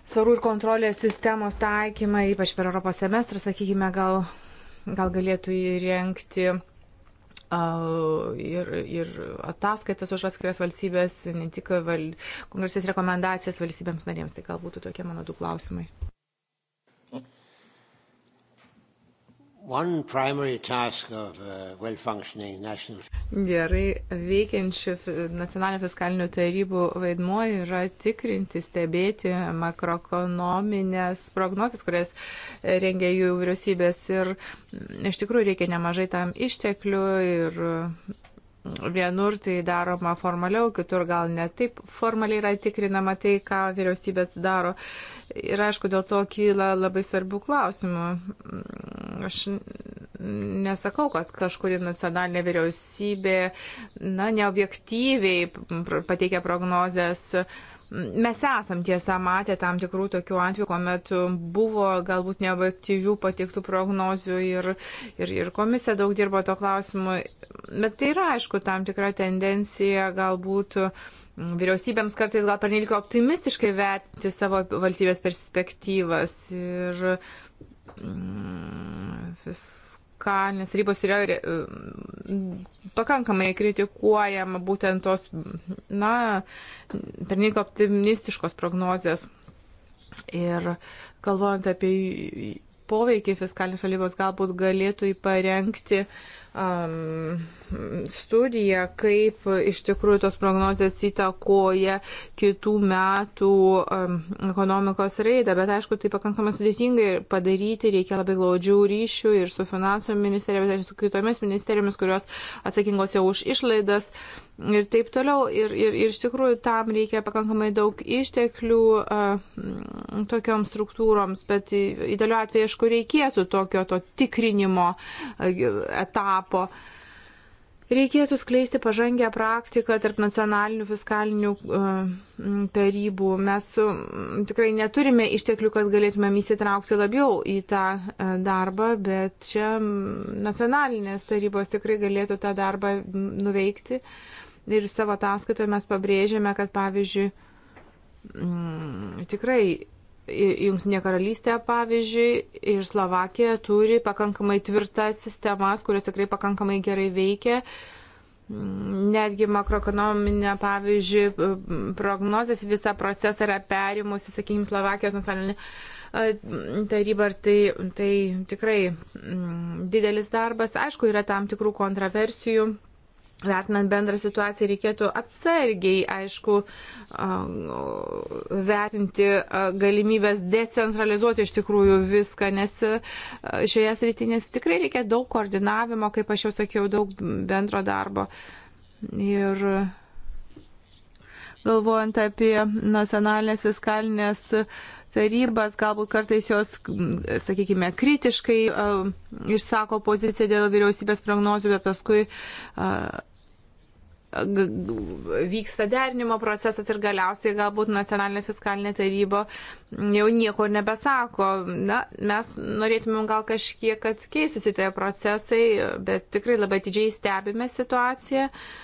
svarų ir kontrolės sistemos taikymą, ypač per Europos semestrą, sakykime, gal, gal galėtų įrengti ir, ir ataskaitas už atskiras valstybės, ne tik val... kongresės rekomendacijas valstybėms narėms. Tai galbūt tokie mano du klausimai. Uh, Gerai veikiančių nacionalinių fiskalinių tarybų vaidmuo yra tikrinti, stebėti makroekonominės prognozes, kurias e, rengia jų vyriausybės. Ir mm, iš tikrųjų reikia nemažai tam išteklių ir mm, vienur tai daroma formaliau, kitur gal netaip formaliai yra tikrinama tai, ką vyriausybės daro. Ir aišku, dėl to kyla labai svarbių klausimų. Mm, Aš nesakau, kad kažkuri nacionalinė vyriausybė na, neobjektyviai pateikia prognozes. Mes esam tiesą matę tam tikrų tokių atvejų, kuomet buvo galbūt neobjektyvių patiktų prognozių ir, ir, ir komisija daug dirbo to klausimu. Bet tai yra, aišku, tam tikra tendencija galbūt vyriausybėms kartais gal pernelik optimistiškai vertinti savo valstybės perspektyvas. Ir, uh, fiskalinės rybos yra e, pakankamai kritikuojama būtent tos, na, pernyko optimistiškos prognozės. Ir galvojant apie poveikį fiskalinės valdybos galbūt galėtų įparengti um, studiją, kaip iš tikrųjų tos prognozijas įtakoja kitų metų um, ekonomikos raidą. Bet aišku, tai pakankamai sudėtinga ir padaryti reikia labai glaudžių ryšių ir su finansų ministerija, bet ir su kitomis ministerijomis, kurios atsakingos jau už išlaidas. Um, ir taip toliau. Ir, ir, ir iš tikrųjų tam reikia pakankamai daug išteklių a, tokioms struktūroms, bet idealiu atveju, aišku, reikėtų tokio to tikrinimo a, etapo. Reikėtų skleisti pažangę praktiką tarp nacionalinių fiskalinių tarybų. Mes tikrai neturime išteklių, kad galėtumėm įsitraukti labiau į tą darbą, bet čia nacionalinės tarybos tikrai galėtų tą darbą nuveikti. Ir savo ataskaitoje mes pabrėžėme, kad pavyzdžiui, m, mm, tikrai Junktinė karalystė, pavyzdžiui, ir Slovakija turi pakankamai tvirtas sistemas, kurios tikrai pakankamai gerai veikia. Mm, netgi makroekonominė, pavyzdžiui, mm, prognozės visą procesą yra perimusi, sakykime, Slovakijos nacionalinė taryba, tai, tai tikrai didelis darbas. Aišku, yra tam tikrų kontroversijų Vertinant bendrą situaciją reikėtų atsargiai, aišku, um, vertinti uh, galimybės decentralizuoti iš tikrųjų viską, nes uh, šioje sritinės tikrai reikia daug koordinavimo, kaip aš jau sakiau, daug bendro darbo. Ir uh, galvojant apie nacionalinės fiskalinės uh, tarybas, galbūt kartais jos, sakykime, kritiškai uh, išsako poziciją dėl vyriausybės prognozių, bet paskui uh, vyksta derinimo procesas ir galiausiai galbūt nacionalinė fiskalinė taryba jau nieko nebesako. Na, mes norėtumėm gal kažkiek, kad keistusi tie procesai, bet tikrai labai didžiai stebime situaciją. Uh,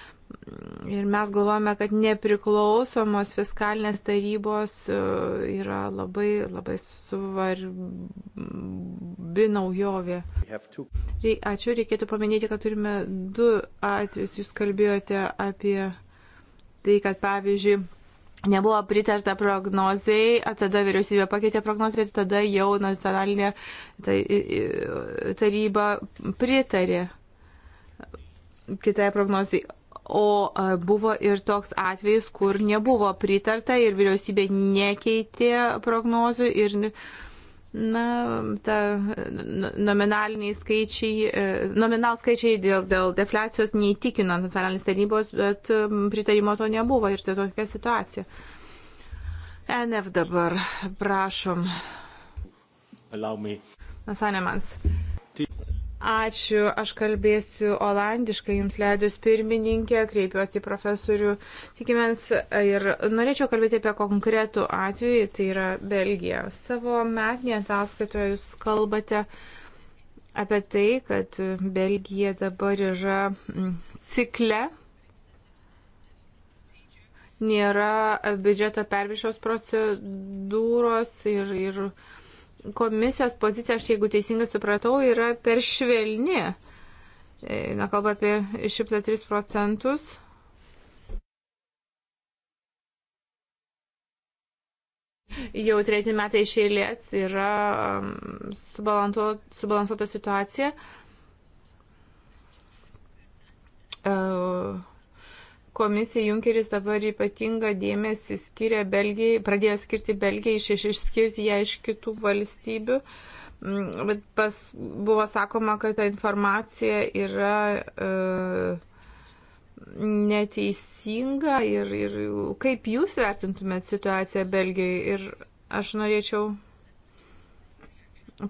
Ir mes galvojame, kad nepriklausomos fiskalinės tarybos e, yra labai, labai svarbi naujovė. Ačiū, reikėtų paminėti, kad turime du atvejus. Jūs kalbėjote apie tai, kad pavyzdžiui, nebuvo pritarta prognozijai, tada vyriausybė pakeitė prognoziją ir tada jau nacionalinė tai, taryba pritarė kitai prognozijai. O buvo ir toks atvejis, kur nebuvo pritarta ir vyriausybė nekeitė prognozių ir na, ta, nominaliniai skaičiai, e, nominal skaičiai dėl, dėl defliacijos neįtikino nacionalinės tarnybos, bet pritarimo to nebuvo ir tai tokia situacija. NF dabar, prašom. Allow me. Nasanemans. Uh, Ačiū, aš kalbėsiu olandiškai, jums leidus pirmininkė, kreipiuosi į profesorių Tikimens ir norėčiau kalbėti apie konkretų atvejį, tai yra Belgija. Savo metinėje ataskaitoje jūs kalbate apie tai, kad Belgija dabar yra mm, cikle, nėra biudžeto pervišos procedūros ir, ir komisijos pozicija, aš jeigu teisingai supratau, yra per švelni. Na, kalba apie 103 procentus. Jau treti metai iš eilės yra um, subalansuota situacija. Uh, komisija Junkeris dabar ypatingą dėmesį skiria Belgijai, pradėjo skirti Belgijai, iš, išskirti ją iš kitų valstybių. Bet mm, pas, buvo sakoma, kad ta informacija yra e, neteisinga ir, ir kaip jūs vertintumėt situaciją Belgijoje. Ir aš norėčiau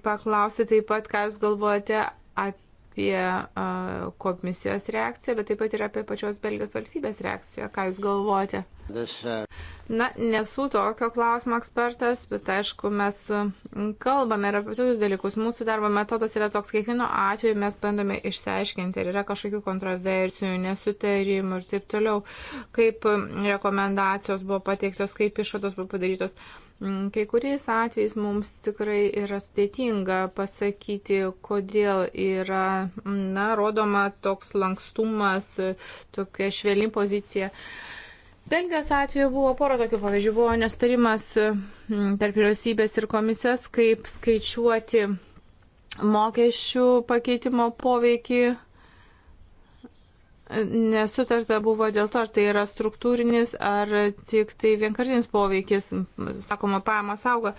paklausyti taip pat, ką jūs galvojate apie komisijos reakciją, bet taip pat ir apie pačios Belgijos valstybės reakciją. Ką Jūs galvojate? Uh, Na, nesu tokio klausimo ekspertas, bet aišku, mes kalbame ir apie tokius dalykus. Mūsų darbo metodas yra toks, kiekvieno atveju mes bandome išsiaiškinti, ar yra kažkokių kontroversijų, nesutarimų ir taip toliau, kaip rekomendacijos buvo pateiktos, kaip išvados buvo padarytos. Mm, kai kuriais atvejais mums tikrai yra sudėtinga pasakyti, kodėl yra, mm, na, rodoma toks lankstumas, tokia švelni pozicija. Belgijos atveju buvo pora tokių pavyzdžių, buvo nestarimas mm, tarp vyriausybės ir komisijos, kaip skaičiuoti mokesčių pakeitimo poveikį Nesutarta buvo dėl to, ar tai yra struktūrinis, ar tik tai vienkartinis poveikis, sakoma, pajamos auga.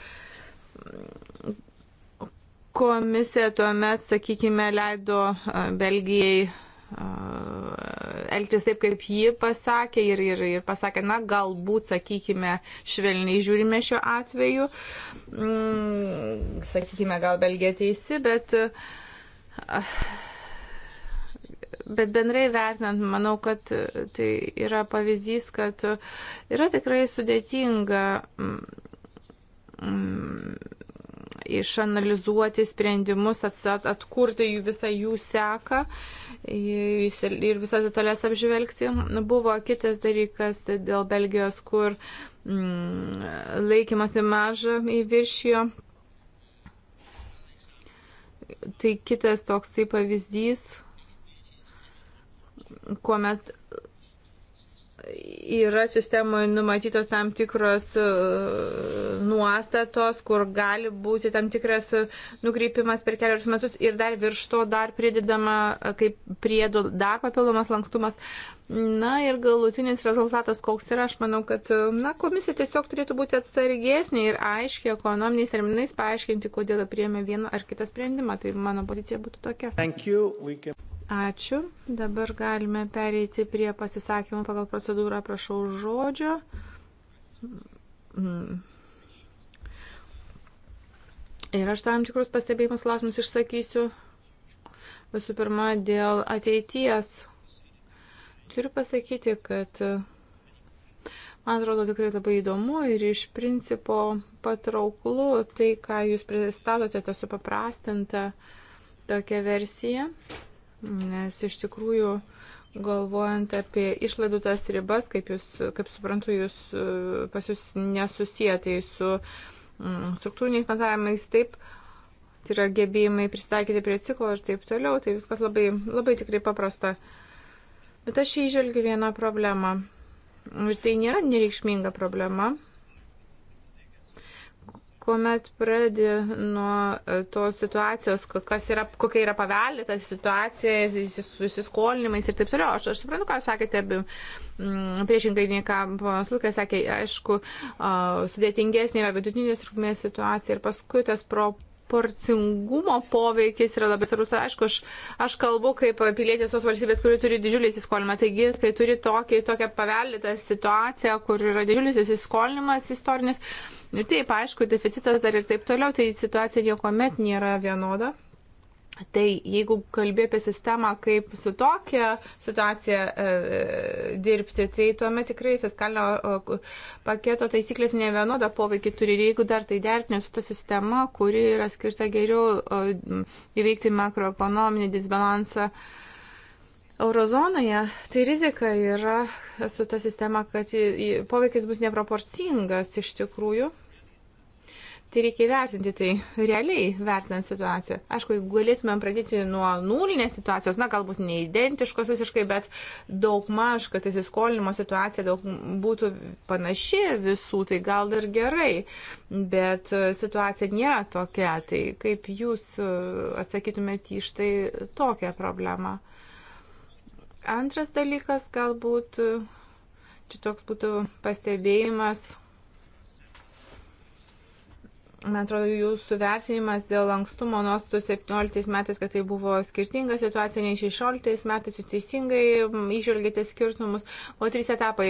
Komisija tuomet, sakykime, leido Belgijai elgtis taip, kaip ji pasakė ir, ir, ir pasakė, na, galbūt, sakykime, švelniai žiūrime šiuo atveju, mm, sakykime, gal Belgija teisi, bet Bet bendrai vertinant, manau, kad e, tai yra pavyzdys, kad e, yra tikrai sudėtinga išanalizuoti sprendimus, atsat, atkurti jų visą jų seką ir visas detalės apžvelgti. Buvo kitas dalykas dėl Belgijos, kur mm, laikymas į mažą įviršijo. Tai kitas toksai pavyzdys, kuomet yra sistemoje numatytos tam tikros e, nuostatos, kur gali būti tam tikras e, nukreipimas per keliarius metus ir dar virš to dar pridedama e, kaip priedų dar papildomas lankstumas. Na ir galutinis rezultatas, koks yra, aš manau, kad na, komisija tiesiog turėtų būti atsargesnė ir aiškiai ekonominiais terminais paaiškinti, kodėl priėmė vieną ar kitą sprendimą. Tai mano pozicija būtų tokia. Can... Ačiū. Dabar galime pereiti prie pasisakymų pagal procedūrą. Prašau žodžio. Mm. Ir aš tam tikrus pastebėjimus klausimus išsakysiu. Visų pirma, dėl ateities. Turiu pasakyti, kad man atrodo tikrai labai įdomu ir iš principo patrauklu tai, ką jūs pristatote, ta supaprastinta tokia versija. Nes iš tikrųjų, galvojant apie išlaidų tas ribas, kaip, jūs, kaip suprantu, jūs e, pas jūs nesusietai su mm, struktūriniais matavimais, taip, tai yra gebėjimai pristaikyti prie ciklo ir taip toliau, tai viskas labai, labai tikrai paprasta. Bet aš įžvelgiu vieną problemą. Ir tai nėra nereikšminga problema kuomet pradė nuo e, tos situacijos, kas yra, kokia yra paveldėta situacija, susiskolinimais ir taip toliau. Aš, aš suprantu, ką jūs sakėte, priešingai nei ką ponas Lukas sakė, aišku, sudėtingesnė yra vidutinės trukmės situacija ir paskui tas proporcijos proporcingumo poveikis yra labai svarbus. Aišku, aš, aš kalbu kaip pilietis tos valstybės, kuri turi didžiulį įsiskolimą. Taigi, kai turi tokį, tokią paveldėtą situaciją, kur yra didžiulis įsiskolinimas istorinis, Ir taip, aišku, deficitas dar ir taip toliau, tai situacija niekuomet nėra vienoda. Tai jeigu kalbė apie sistemą, kaip su tokia situacija e, e dirbti, tai tuomet tikrai fiskalinio paketo taisyklės ne vienodą poveikį turi. Ir jeigu dar tai dertinė su ta sistema, kuri yra skirta geriau e, įveikti makroekonominį disbalansą eurozonoje, tai rizika yra su ta sistema, kad poveikis bus neproporcingas iš tikrųjų. Tai reikia vertinti tai realiai vertinant situaciją. Aišku, jeigu galėtumėm pradėti nuo nulinės situacijos, na, galbūt neidentiškos visiškai, bet daug maž, kad įsiskolinimo situacija daug būtų panaši visų, tai gal ir gerai. Bet situacija nėra tokia. Tai kaip jūs e, atsakytumėte iš tai tokią problemą? Antras dalykas galbūt e, čia toks būtų pastebėjimas Man atrodo, jūsų vertinimas dėl lankstumo nuostų 17 metais, kad tai buvo skirtinga situacija nei 16 metais, jūs teisingai išvelgėte skirtumus, o trys etapai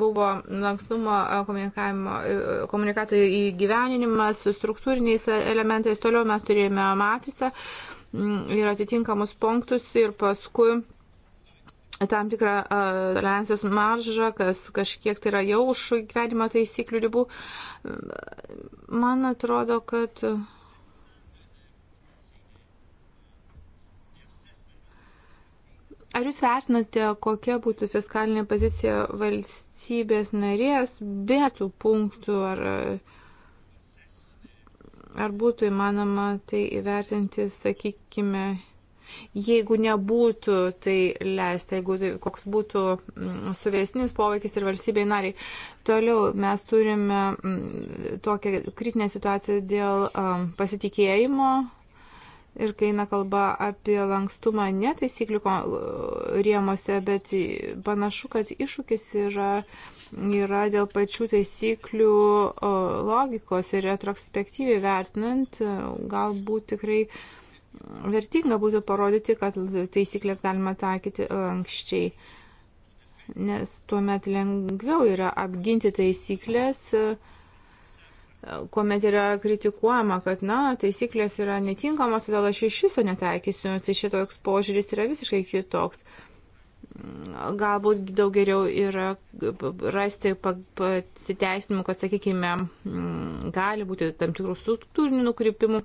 buvo lankstumo e, e, komunikatorių įgyveninimas su struktūriniais e, elementais, toliau mes turėjome matricą ir atitinkamus punktus ir paskui tam tikrą tolerancijos maržą, kas kažkiek tai yra jau už gyvenimo taisyklių ribų. Man atrodo, kad Ar jūs vertinate, kokia būtų fiskalinė pozicija valstybės narės be tų punktų, ar, ar būtų įmanoma tai įvertinti, sakykime, Jeigu nebūtų tai leista, jeigu tai, koks būtų mm, suvesnis poveikis ir valstybei nariai. Toliau mes turime mm, tokią kritinę situaciją dėl pasitikėjimo Ir kai eina kalba apie lankstumą ne taisyklių rėmose, bet panašu, kad iššūkis yra, yra dėl pačių taisyklių logikos ir retrospektyviai vertinant, galbūt tikrai uh, vertinga būtų parodyti, kad taisyklės galima taikyti lankščiai, nes tuomet lengviau yra apginti taisyklės, kuomet yra kritikuojama, kad, na, taisyklės yra netinkamos, todėl aš iš viso netaikysiu, tai šitoks požiūris yra visiškai kitoks galbūt daug geriau yra rasti pasiteisinimų, kad, sakykime, gali būti tam tikrų struktūrinių nukrypimų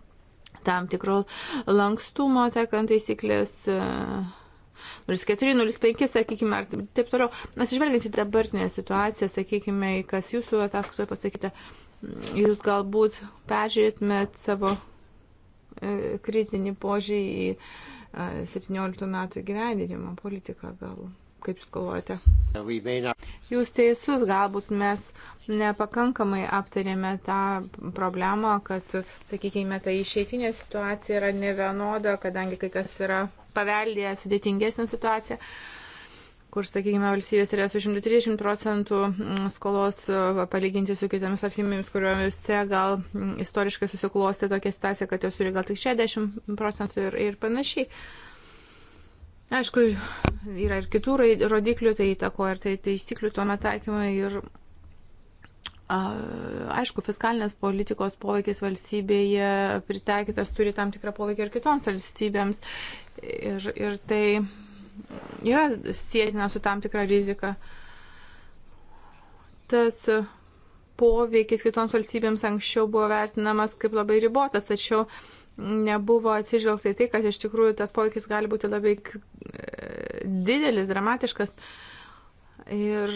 tam tikro lankstumo, tekant taisyklės. 0405, e, sakykime, ar taip toliau. Mes išvelgiant į dabartinę situaciją, sakykime, kas jūsų ataskaitoje pasakyta, jūs galbūt peržiūrėtumėt savo e, kritinį požiūrį į 17 e, metų gyvendinimo politiką gal kaip jūs galvojate? Jūs teisus, galbūt mes nepakankamai aptarėme tą problemą, kad, sakykime, ta išeitinė situacija yra nevienoda, kadangi kai kas yra paveldėję sudėtingesnė situacija kur, sakykime, valstybės yra su 130 procentų mm, skolos palyginti su kitomis valstybėmis, kuriuose gal mm, istoriškai susiklosti tokia situacija, kad jos turi gal tik 60 procentų ir, ir panašiai. Uh, Aišku, yra ir kitų rodiklių, tai įtakoja ir tai taisyklių tuo metaikymą ir Aišku, fiskalinės politikos poveikis valstybėje pritaikytas turi tam tikrą poveikį ir kitoms valstybėms. Ir, ir tai yra sėtina su tam tikra rizika. Tas poveikis kitoms valstybėms anksčiau buvo vertinamas kaip labai ribotas, tačiau uh, nebuvo atsižvelgta į tai, kad iš tikrųjų tas poveikis gali būti labai didelis, dramatiškas ir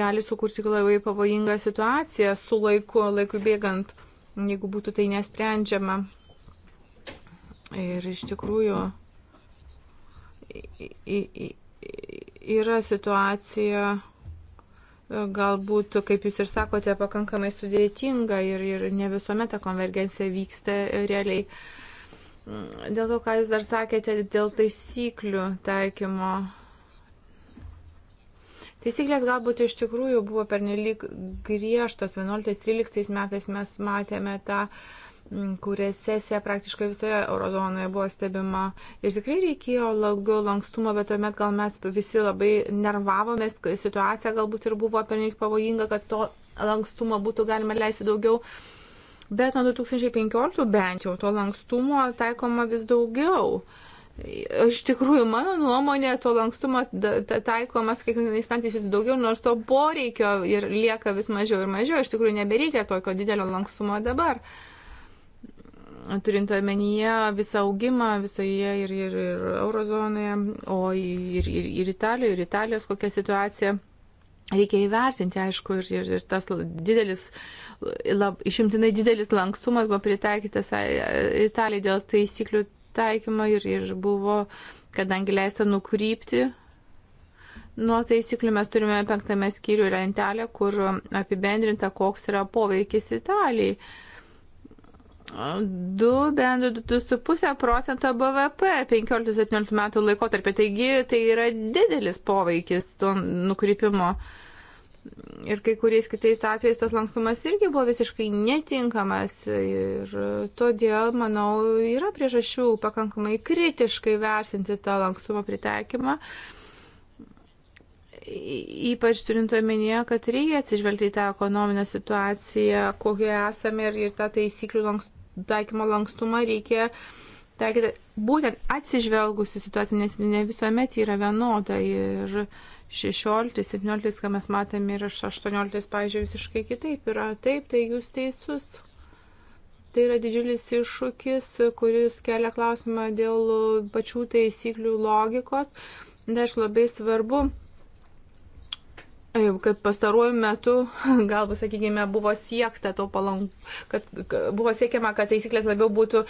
gali sukurti labai pavojingą situaciją su laiku, laikui bėgant, jeigu būtų tai nesprendžiama. Ir iš tikrųjų yra situacija galbūt, kaip jūs ir sakote, pakankamai sudėtinga ir, ir ne visuomet ta konvergencija vyksta realiai. Dėl to, ką jūs dar sakėte, dėl taisyklių taikymo. Taisyklės galbūt iš tikrųjų buvo pernelyg griežtos. 11-13 metais mes matėme tą uh, kurias sesija praktiškai visoje eurozonoje buvo stebima. Ir tikrai reikėjo daugiau lankstumo, bet tuomet gal mes visi labai nervavomės, situacija galbūt ir buvo pernik pavojinga, kad to lankstumo būtų galima leisti daugiau. Bet nuo 2015 bent jau to lankstumo taikoma vis daugiau. Iš tikrųjų, mano nuomonė, to lankstumo taikomas kiekvienais metais vis daugiau, nors to poreikio ir lieka vis mažiau ir mažiau. Iš tikrųjų, nebereikia tokio didelio lankstumo dabar. Uh, turint omenyje visą augimą visoje ir, ir, ir eurozonoje, o ir, ir, ir Italijoje, ir Italijos kokia situacija. Reikia įvertinti, aišku, ir, ir, ir tas didelis, lab, išimtinai didelis lankstumas buvo pritaikytas Italijai dėl taisyklių taikymo ir, ir buvo, kadangi leista nukrypti nuo taisyklių mes turime penktame skyriuje lentelę, kur apibendrinta, koks yra poveikis Italijai. 2, bent 2,5 procento BVP 15-17 metų laikotarpį. Taigi tai yra didelis poveikis to nukrypimo. Ir kai kuriais kitais atvejais tas lankstumas irgi buvo visiškai netinkamas. Ir todėl, manau, yra priežasčių pakankamai kritiškai versinti tą lankstumo pritaikymą. Ypač turint omenyje, kad reikia atsižvelgti į tą ekonominę situaciją, kokią esame ir, ir tą taisyklių lankst, taikymo lankstumą reikia taikyti būtent atsižvelgusi situaciją, nes ne visuomet yra vienoda. Ir 16, 17, ką mes matėme, ir 18, pažiūrėjau, visiškai kitaip yra. Taip, tai jūs teisus. Tai yra didžiulis iššūkis, kuris kelia klausimą dėl pačių taisyklių logikos. Bet aš labai svarbu kad pastaruoju metu, galbūt, sakykime, buvo siekta to palank, kad buvo siekiama, kad taisyklės labiau būtų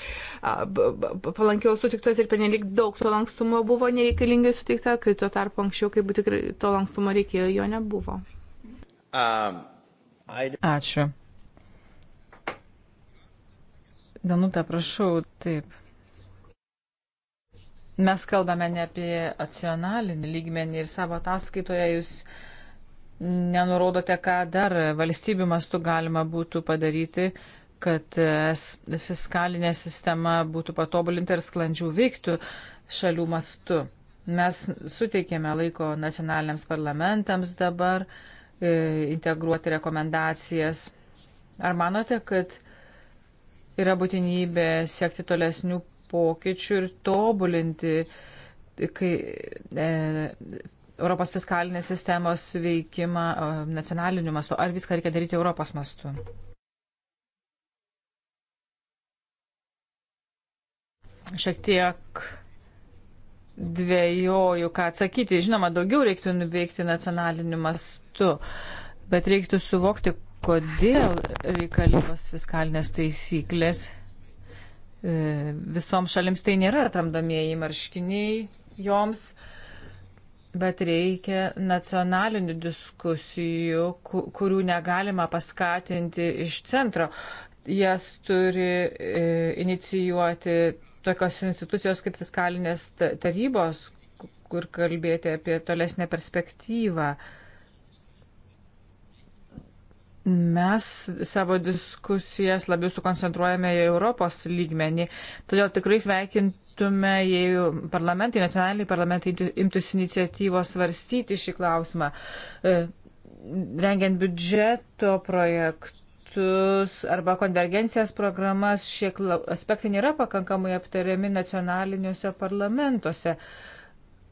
palankiau sutiktos ir pernelik daug to lankstumo buvo nereikalingai sutikta, kai tuo tarpu anksčiau, kai tikrai to lankstumo reikėjo, jo nebuvo. Um, I... Ačiū. Danutė, prašau, taip. Mes kalbame ne apie nacionalinį lygmenį ir savo ataskaitoje jūs. Uh, nenurodote, ką dar valstybių mastu galima būtų padaryti, kad e, fiskalinė sistema būtų patobulinta ir sklandžiau veiktų šalių mastu. Mes suteikėme laiko nacionaliniams parlamentams dabar e, integruoti rekomendacijas. Ar manote, kad yra būtinybė siekti tolesnių pokyčių ir tobulinti kai, e, Europos fiskalinės sistemos veikimą nacionaliniu mastu, ar viską reikia daryti Europos mastu? Šiek tiek dvėjoju, ką atsakyti. Žinoma, daugiau reiktų nuveikti nacionaliniu mastu, bet reiktų suvokti, kodėl reikalingos fiskalinės taisyklės. E, visoms šalims tai nėra atramdomieji marškiniai joms. Uh, bet reikia nacionalinių diskusijų, kurių negalima paskatinti iš centro. Jas turi e, inicijuoti tokios institucijos kaip fiskalinės tarybos, kur kalbėti apie tolesnę perspektyvą. Uh, Mes savo diskusijas labiau sukoncentruojame į Europos lygmenį, todėl tikrai sveikintume, jei parlamentai, nacionaliniai parlamentai imtųsi iniciatyvos svarstyti šį klausimą, e, rengiant biudžeto projektą projektus arba konvergencijas programas šie aspektai nėra pakankamai aptariami nacionaliniuose parlamentuose.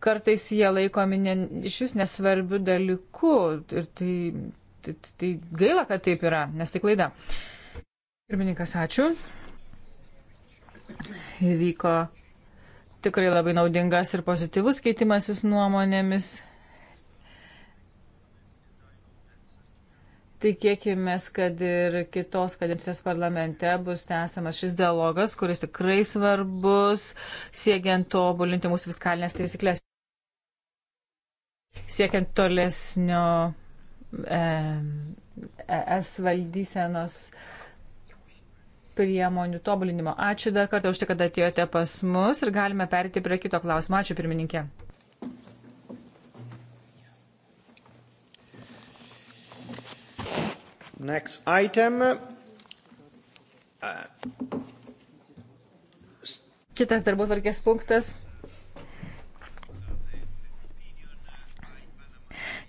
Kartais jie laikomi ne, iš vis nesvarbių dalykų ir tai Tai, tai, tai gaila, kad taip yra, nes tai klaida. Pirmininkas, ačiū. Įvyko tikrai labai naudingas ir pozityvus keitimasis nuomonėmis. Tikėkime, kad ir kitos kadencijos parlamente bus tęsiamas šis dialogas, kuris tikrai svarbus, siekiant tobulinti mūsų fiskalinės taisyklės, siekiant tolesnio ES e valdysenos priemonių tobulinimo. Ačiū dar kartą už tai, kad atėjote pas mus ir galime perėti prie kito klausimo. Ačiū pirmininkė. Next item. Uh, Kitas darbo tvarkės punktas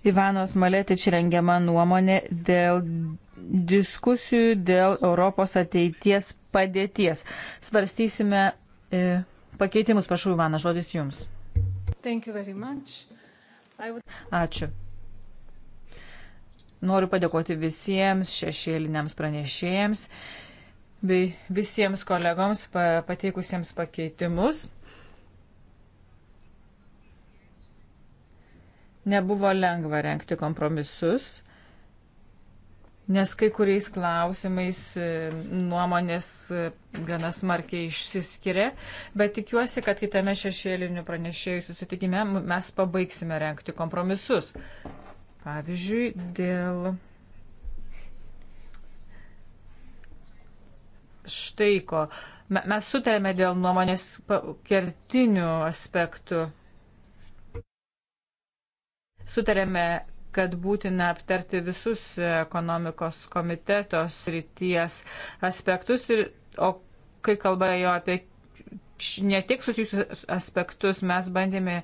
Ivanos Maletič rengiama nuomonė dėl diskusijų dėl Europos ateities padėties. Svarstysime e, pakeitimus, prašau, Ivana, žodis jums. Would... Ačiū. Noriu padėkoti visiems šešėliniams pranešėjams bei visiems kolegoms pateikusiems pakeitimus. Nebuvo lengva renkti kompromisus, nes kai kuriais klausimais e, nuomonės e, gana smarkiai išsiskiria, bet tikiuosi, kad kitame šešėlinių pranešėjų susitikime mes pabaigsime renkti kompromisus. Pavyzdžiui, dėl štai ko. Mes sutarėme dėl nuomonės kertinių aspektų Sutarėme, kad būtina aptarti visus ekonomikos komitetos ryties aspektus, ir, o kai kalba jo apie ne tik susijusius aspektus, mes bandėme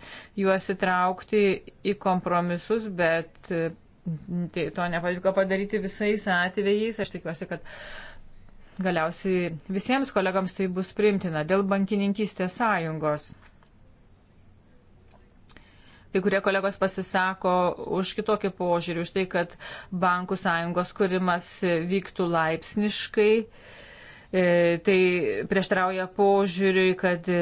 juos įtraukti į kompromisus, bet e, tai, to nepavyko padaryti visais atvejais. Aš tikiuosi, kad galiausiai visiems kolegams tai bus primtina dėl bankininkystės sąjungos kai kurie kolegos pasisako už kitokį požiūrį, už tai, kad bankų sąjungos kūrimas vyktų laipsniškai. E, tai prieštrauja požiūriui, kad e,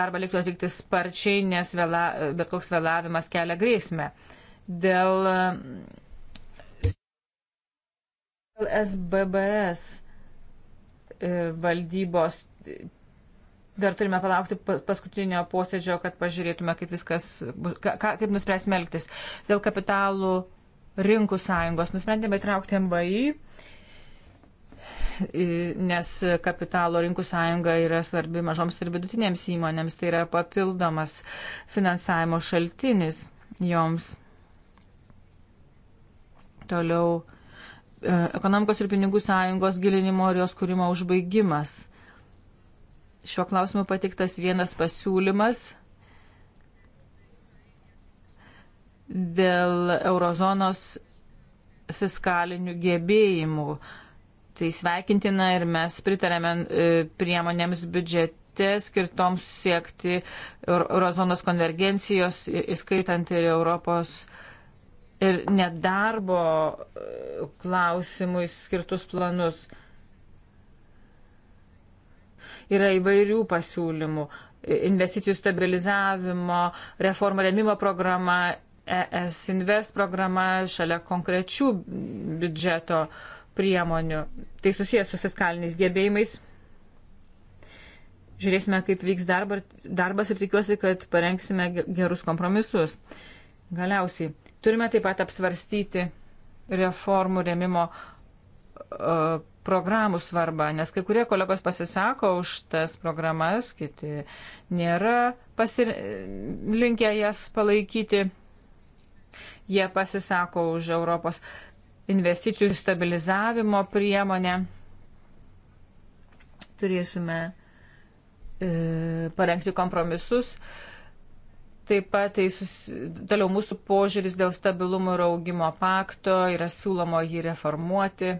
darbą liktų atlikti sparčiai, nes vėla, bet koks vėlavimas kelia grėsmę. Dėl SBBS e, valdybos Dar turime palaukti paskutinio posėdžio, kad pažiūrėtume, kaip viskas, ka, kaip nuspręsime elgtis. Dėl kapitalų rinkų sąjungos nusprendėme traukti MVI, nes kapitalo rinkų sąjunga yra svarbi mažoms ir vidutinėms įmonėms, tai yra papildomas finansavimo šaltinis joms. Toliau e, ekonomikos ir pinigų sąjungos gilinimo ir jos kūrimo užbaigimas Šiuo klausimu patiktas vienas pasiūlymas dėl eurozonos fiskalinių gebėjimų. Tai sveikintina ir mes pritarėme e, priemonėms biudžete skirtoms siekti eurozonos konvergencijos, įskaitant ir Europos ir nedarbo e, klausimui skirtus planus. Yra įvairių pasiūlymų - investicijų stabilizavimo, reformų remimo programa, ES Invest programa šalia konkrečių biudžeto priemonių. Tai susijęs su fiskaliniais gebėjimais. Žiūrėsime, kaip vyks darba, darbas ir tikiuosi, kad parengsime gerus kompromisus. Galiausiai turime taip pat apsvarstyti reformų remimo uh, e, programų svarbą, nes kai kurie kolegos pasisako už tas programas, kiti nėra pasir... linkę jas palaikyti. Jie pasisako už Europos investicijų stabilizavimo priemonę. Turėsime e, parengti kompromisus. Taip pat tai sus... toliau mūsų požiūris dėl stabilumo ir augimo pakto yra siūlomo jį reformuoti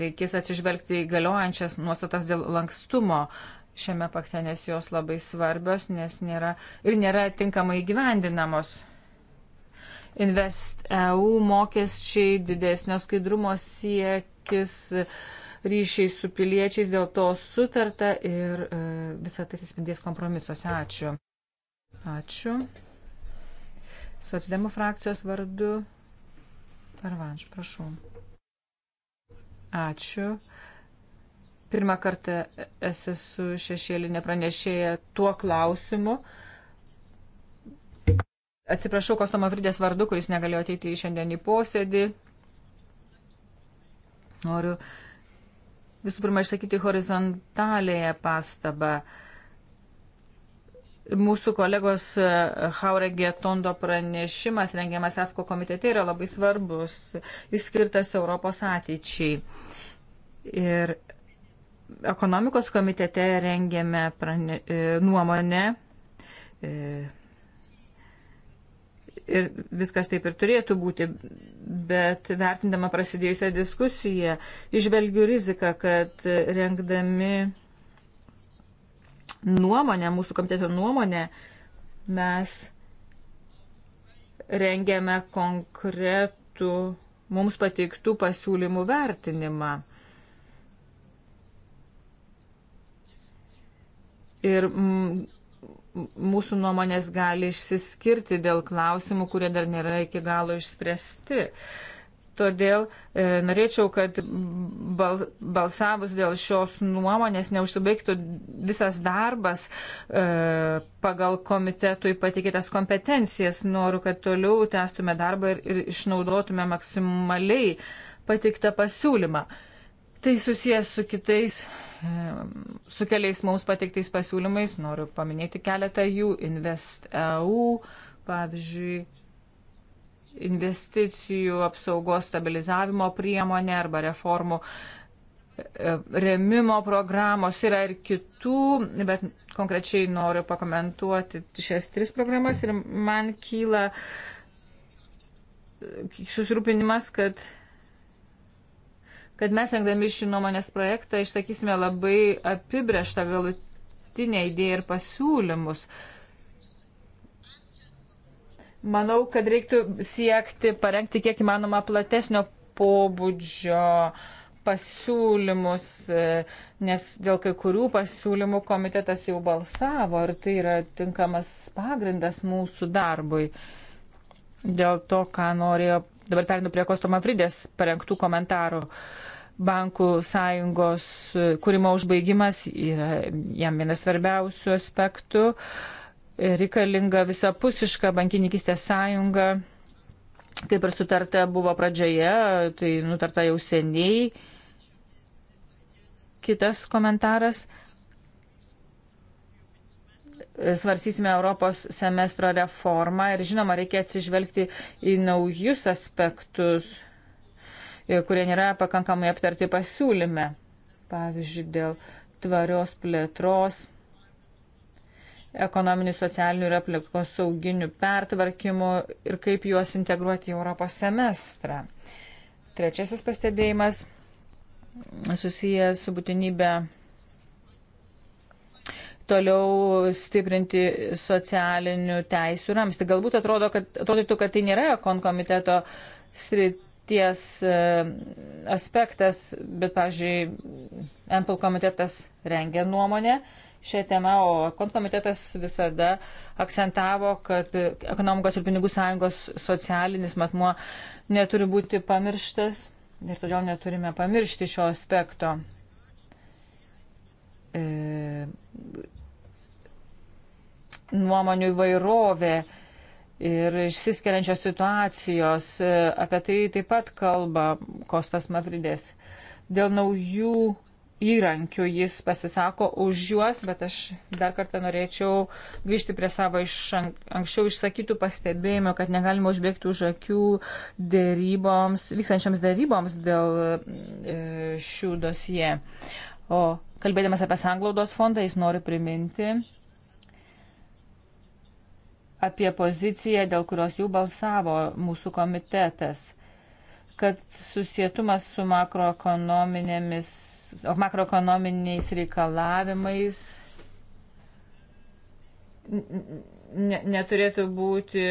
reikės atsižvelgti į galiojančias nuostatas dėl lankstumo šiame pakte, nes jos labai svarbios, nes nėra ir nėra tinkamai gyvendinamos. Invest EU mokesčiai, didesnio skaidrumo siekis, ryšiai su piliečiais, dėl to sutarta ir e, visą tai atsispindės kompromisuose. Ačiū. Ačiū. Socialdemų frakcijos vardu. Parvanš, prašau. Ačiū. Pirmą kartą esu šešėlinė pranešėja tuo klausimu. Atsiprašau Kostomo Vridės vardu, kuris negalėjo ateiti į šiandien į posėdį. Noriu visų pirma išsakyti horizontalėje pastabą. Uh, Mūsų kolegos e, Hauregė Tondo pranešimas, rengiamas EFKO komitete, yra labai svarbus. Jis skirtas Europos ateičiai. Ir ekonomikos komitete rengėme prane, e, nuomonę. E, ir viskas taip ir turėtų būti, bet vertindama prasidėjusią diskusiją, išvelgiu riziką, kad rengdami nuomonę, mūsų komiteto nuomonę, mes rengiame konkretų mums pateiktų pasiūlymų vertinimą. Ir mūsų nuomonės gali išsiskirti dėl klausimų, kurie dar nėra iki galo išspręsti. Uh, Todėl e, norėčiau, kad bal, balsavus dėl šios nuomonės neužsibaigtų visas darbas e, pagal komitetui patikėtas kompetencijas. Noriu, kad toliau tęstume darbą ir, ir išnaudotume maksimaliai patiktą pasiūlymą. Tai susijęs su kitais, e, su keliais mums patiktais pasiūlymais. Noriu paminėti keletą jų. Invest EU, pavyzdžiui investicijų apsaugos stabilizavimo priemonė arba reformų e, remimo programos yra ir kitų, bet konkrečiai noriu pakomentuoti šias tris programas ir man kyla e, susirūpinimas, kad, kad mes rengdami šį nuomonės projektą išsakysime labai apibrieštą galutinę idėją ir pasiūlymus. Uh, Manau, kad reiktų siekti parengti kiek įmanoma platesnio pobūdžio pasiūlymus, e, nes dėl kai kurių pasiūlymų komitetas jau balsavo ir tai yra tinkamas pagrindas mūsų darbui. Dėl to, ką norėjo, dabar perinu prie Kosto Mavridės parengtų komentarų. Bankų sąjungos kūrimo užbaigimas yra jam vienas svarbiausių aspektų. Uh, reikalinga visapusiška bankininkistės sąjunga, kaip ir sutarta buvo pradžioje, tai nutarta jau seniai. Kitas komentaras. Svarsysime Europos semestro reformą ir žinoma, reikia atsižvelgti į naujus aspektus, e, kurie nėra pakankamai aptarti pasiūlyme. Pavyzdžiui, dėl tvarios plėtros ekonominių, socialinių ir aplinkos sauginių pertvarkymų ir kaip juos integruoti į Europos semestrą. Trečiasis pastebėjimas susijęs su būtinybė toliau stiprinti socialinių teisų ramstį. Galbūt atrodo, kad, atrodytų, kad tai nėra kon komiteto srities e, aspektas, bet, pavyzdžiui, MPL komitetas rengia nuomonę šią temą, o kontkomitetas visada akcentavo, kad ekonomikos ir pinigų sąjungos socialinis matmuo neturi būti pamirštas ir todėl neturime pamiršti šio aspekto. E, nuomonių įvairovė ir išsiskiriančios situacijos, e, apie tai taip pat kalba Kostas Mavridės. Dėl naujų įrankių, jis pasisako už juos, bet aš dar kartą norėčiau grįžti prie savo iš anksčiau išsakytų pastebėjimų, kad negalima užbėgti už akių dėryboms, vykstančiams dėryboms dėl e, šių dosie. O kalbėdamas apie sanglaudos fondą, jis nori priminti apie poziciją, dėl kurios jau balsavo mūsų komitetas kad susietumas su makroekonominėmis makroekonominiais reikalavimais ne, neturėtų būti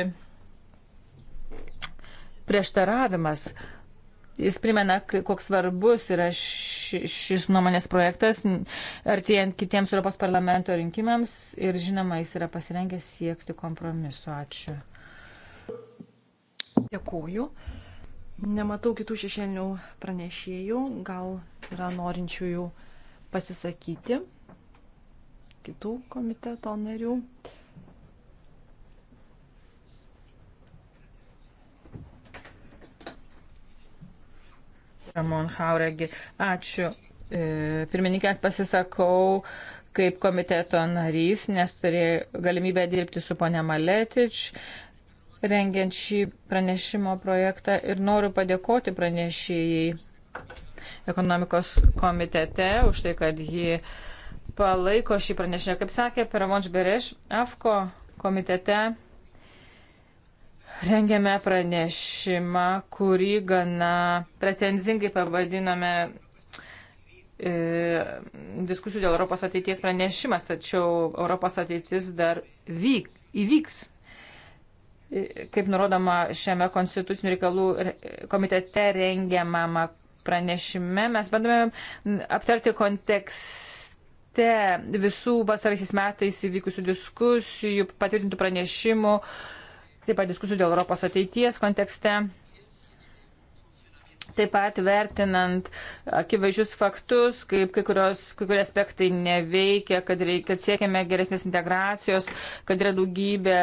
prieštaravimas. Jis primena, koks svarbus yra šis nuomonės projektas, artėjant kitiems Europos parlamento rinkimams ir žinoma, jis yra pasirengęs siekti kompromisu. Ačiū. Dėkuoju. Nematau kitų šešėlinių pranešėjų, gal yra norinčiųjų pasisakyti kitų komiteto narių. Ramon Hauregi, ačiū. E, pirmininkė, pasisakau kaip komiteto narys, nes turėjo galimybę dirbti su ponia Maletič rengiant šį pranešimo projektą ir noriu padėkoti pranešėjai ekonomikos komitete už tai, kad ji palaiko šį pranešimą. Kaip sakė Peramon Žbereš, AFKO komitete rengiame pranešimą, kurį gana pretenzingai pavadinome e, diskusijų dėl Europos ateities pranešimas, tačiau Europos ateitis dar vyk, įvyks kaip nurodoma šiame konstitucinių reikalų komitete rengiamame pranešime, mes bandome aptarti kontekste visų pastaraisiais metais įvykusių diskusijų, patvirtintų pranešimų, taip pat diskusijų dėl Europos ateities kontekste. Taip pat vertinant akivaizdžius faktus, kaip kai, kurios, kai kurie aspektai neveikia, kad, reikia, kad siekiame geresnės integracijos, kad yra daugybė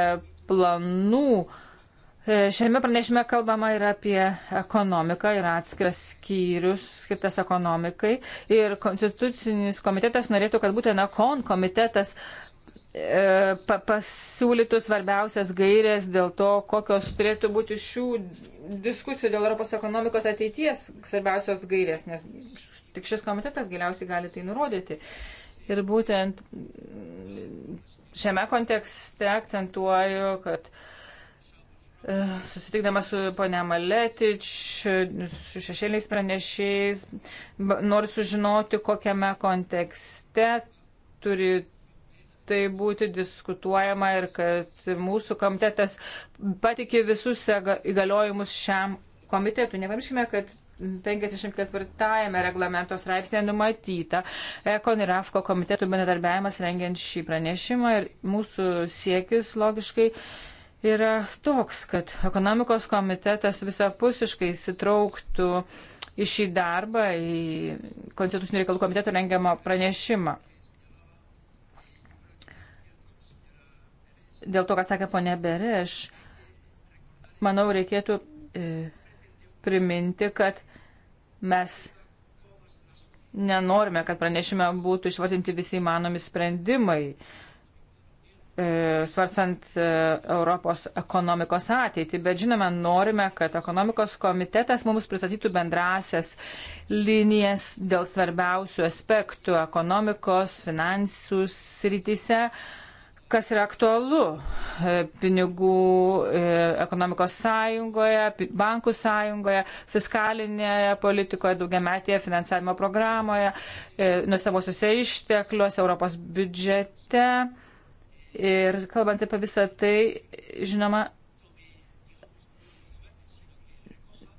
planų. E, šiame pranešime kalbama ir apie ekonomiką, yra atskiras skyrius skirtas ekonomikai. Ir konstitucinis komitetas norėtų, kad būtent ekon komitetas e, pa, pasiūlytų svarbiausias gairės dėl to, kokios turėtų būti šių diskusijų dėl Europos ekonomikos ateities svarbiausios gairės, nes tik šis komitetas galiausiai gali tai nurodyti. E, Ir būtent šiame kontekste akcentuoju, kad e, susitikdama su ponia Maletič, su šešėliais pranešiais, noriu sužinoti, kokiame kontekste turi tai būti diskutuojama ir kad mūsų komitetas patikė visus įgaliojimus šiam komitetui. Nepamirškime, kad 54 reglamento straipsnėje numatyta Ekon ir AFKO komitetų bendradarbiavimas rengiant šį pranešimą ir mūsų siekis logiškai yra toks, kad ekonomikos komitetas visapusiškai įsitrauktų į šį darbą, į konstitucinių reikalų komiteto rengiamą pranešimą. Dėl to, ką sakė ponė Bereš, manau, reikėtų. E, priminti, kad mes nenorime, kad pranešime būtų išvardinti visi įmanomi sprendimai, e, svarstant e, Europos ekonomikos ateitį, bet žinome, norime, kad ekonomikos komitetas mums pristatytų bendrasias linijas dėl svarbiausių aspektų ekonomikos, finansų srityse, kas yra aktualu e, pinigų e, ekonomikos sąjungoje, bankų sąjungoje, fiskalinėje politikoje, daugiametėje finansavimo programoje, e, nustavosiuose ištekliuose, Europos biudžete. Ir kalbant apie visą tai, žinoma,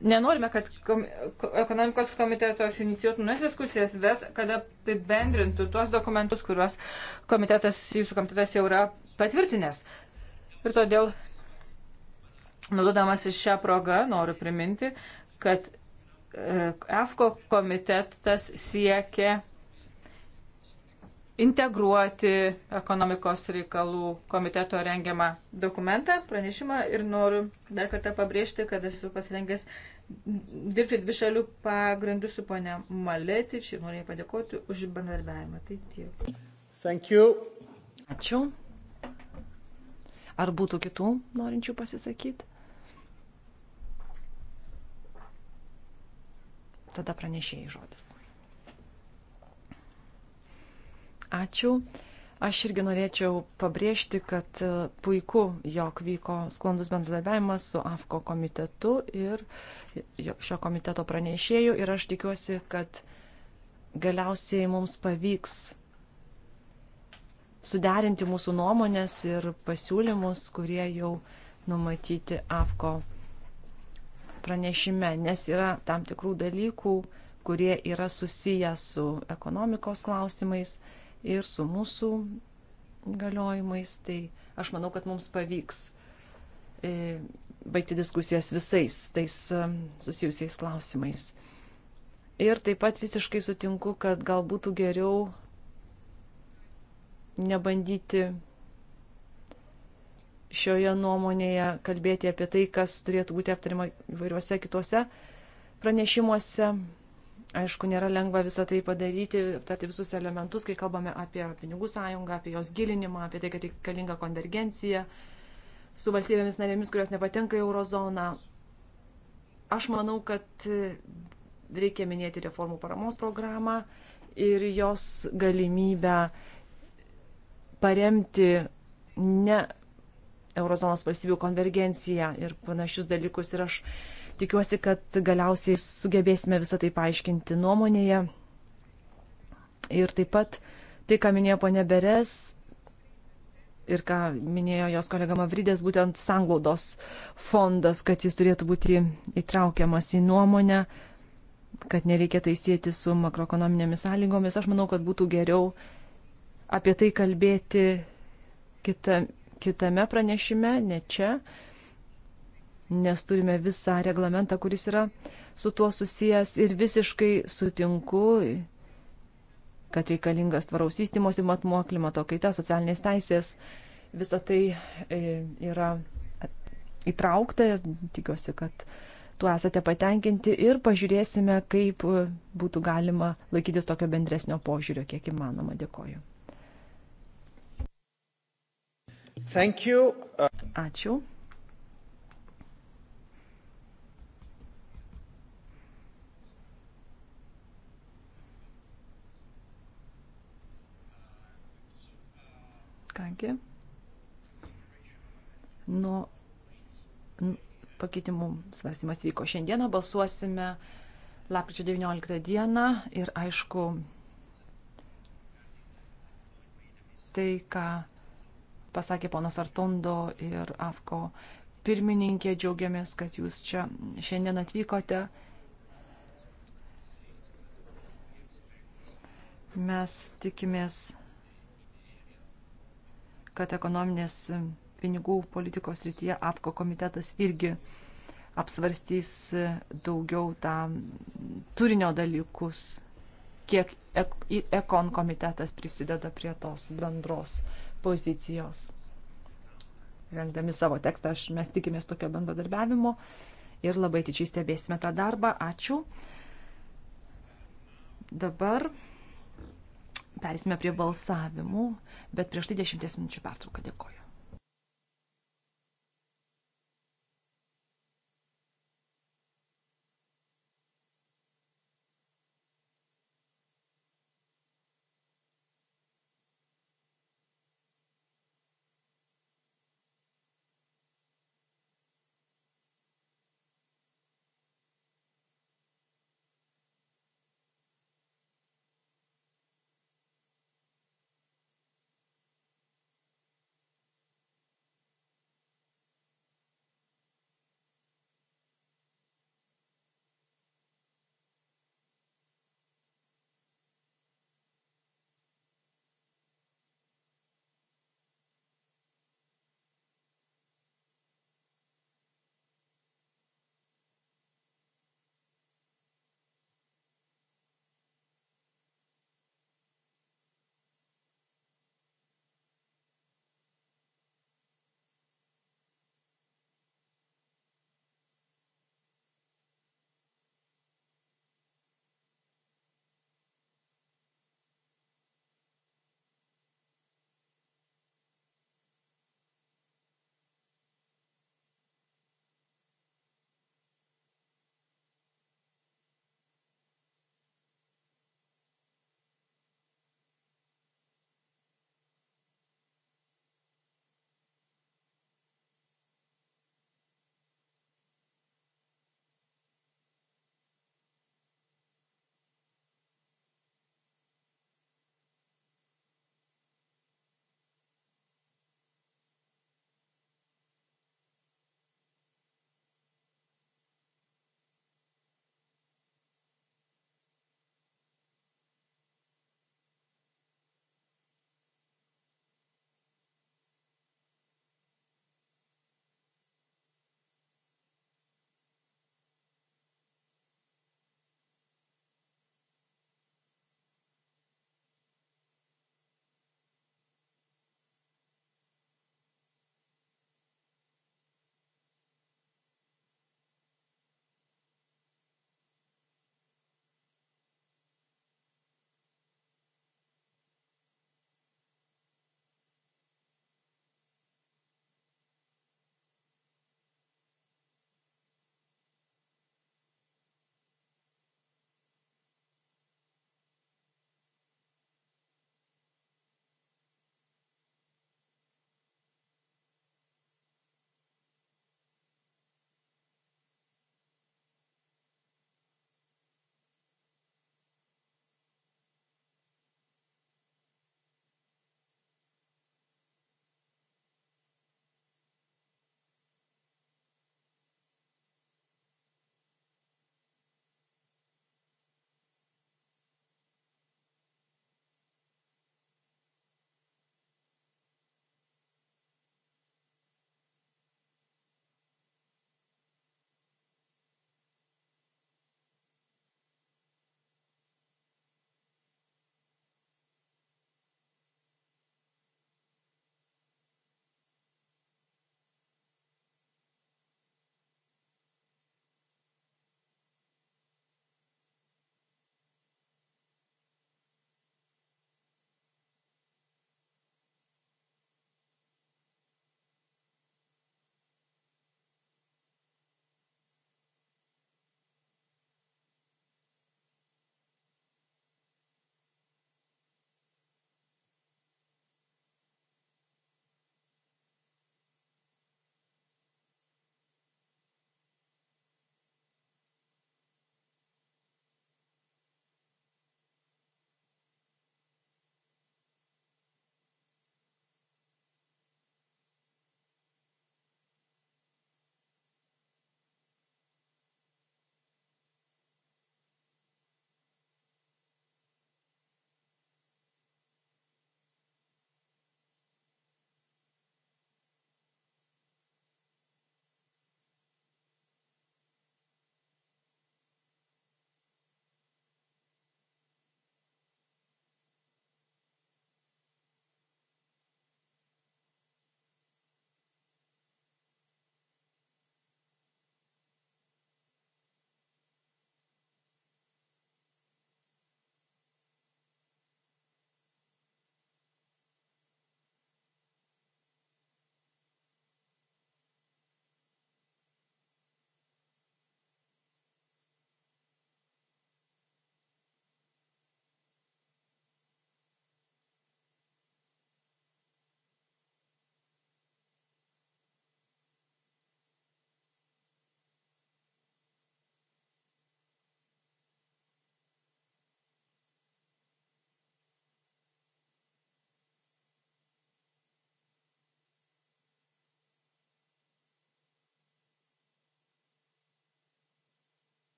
nenorime, kad kom, ekonomikos komitetas inicijuotų nes diskusijas, bet kad apibendrintų tuos dokumentus, kuriuos komitetas, jūsų komitetas jau yra patvirtinęs. Ir todėl, naudodamas šią progą, noriu priminti, kad EFKO komitetas siekia integruoti ekonomikos reikalų komiteto rengiamą dokumentą, pranešimą ir noriu dar kartą pabrėžti, kad esu pasirengęs dirbti dvi šalių pagrindų su ponia Maletič ir noriu padėkoti už bendarbiavimą. Tai tiek. Ačiū. Ar būtų kitų norinčių pasisakyti? Tada pranešėjai žodis. Ačiū. Aš irgi norėčiau pabrėžti, kad e, puiku, jog vyko sklandus bendradarbiavimas su AFKO komitetu ir šio komiteto pranešėjų ir aš tikiuosi, kad galiausiai mums pavyks suderinti mūsų nuomonės ir pasiūlymus, kurie jau numatyti AFKO pranešime, nes yra tam tikrų dalykų, kurie yra susiję su ekonomikos klausimais ir su mūsų įgaliojimais. Tai aš manau, kad mums pavyks e, baigti diskusijas visais tais e, susijusiais klausimais. Ir taip pat visiškai sutinku, kad gal būtų geriau nebandyti šioje nuomonėje kalbėti apie tai, kas turėtų būti aptarima įvairiuose kituose pranešimuose, Aišku, nėra lengva visą tai padaryti, aptarti visus elementus, kai kalbame apie pinigų sąjungą, apie jos gilinimą, apie tai, kad reikalinga konvergencija su valstybėmis narėmis, kurios nepatenka į eurozoną. Aš manau, kad reikia minėti reformų paramos programą ir jos galimybę paremti ne eurozonos valstybių konvergenciją ir panašius dalykus. Ir aš uh, Tikiuosi, kad galiausiai sugebėsime visą tai paaiškinti nuomonėje. Ir taip pat tai, ką minėjo ponė Beres ir ką minėjo jos kolega Mavridės, būtent sanglaudos fondas, kad jis turėtų būti įtraukiamas į nuomonę, kad nereikia tai sėti su makroekonominėmis sąlygomis. Aš manau, kad būtų geriau apie tai kalbėti kita, kitame pranešime, ne čia. Uh, nes turime visą reglamentą, kuris yra su tuo susijęs ir visiškai sutinku, kad reikalingas tvaraus įstymosi matmuo, klimato kaita, socialinės teisės, visa tai e, yra įtraukta, tikiuosi, kad tuo esate patenkinti ir pažiūrėsime, kaip būtų galima laikytis tokio bendresnio požiūrio, kiek įmanoma. Dėkoju. Ačiū. Kągi, nuo pakeitimų svarstymas vyko šiandieną, balsuosime lapkričio 19 dieną ir aišku, tai, ką pasakė ponas Artondo ir AFKO pirmininkė, džiaugiamės, kad jūs čia šiandien atvykote. Mes tikimės kad ekonominės e, pinigų politikos rytyje APKO komitetas irgi apsvarstys e, daugiau tą turinio dalykus, kiek ekon komitetas prisideda prie tos bendros pozicijos. Rengdami savo tekstą, aš, mes tikimės tokio bendradarbiavimo ir labai tyčiai stebėsime tą darbą. Ačiū. Dabar Perėsime prie balsavimų, bet prieš tai dešimties minučių pertrauką dėkoju.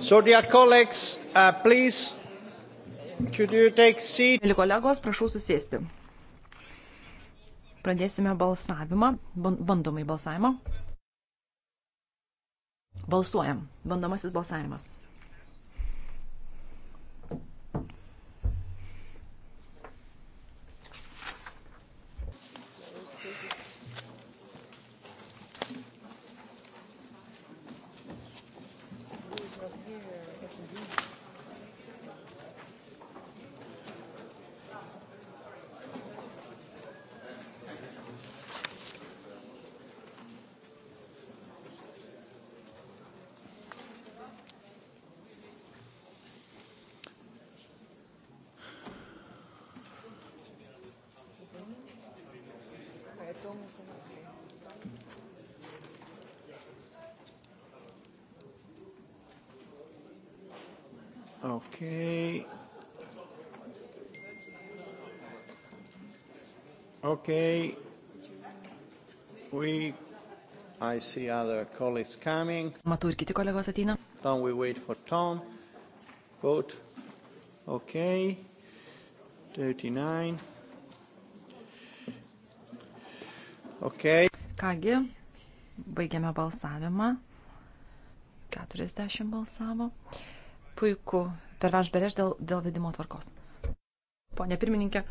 So, dear colleagues, uh, please, could you take seat? Mili kolegos, prašau susėsti. Pradėsime balsavimą, bandomai balsavimą. Balsuojam, bandomasis balsavimas. Okay. We, I see other colleagues coming. Matau ir kiti kolegos ateina. Tom, we wait for Tom. Vote. Okay. 39. Okay. Kągi, baigiame balsavimą. 40 balsavo. Puiku. Per važberėž dėl, dėl vedimo tvarkos. Pone pirmininkė,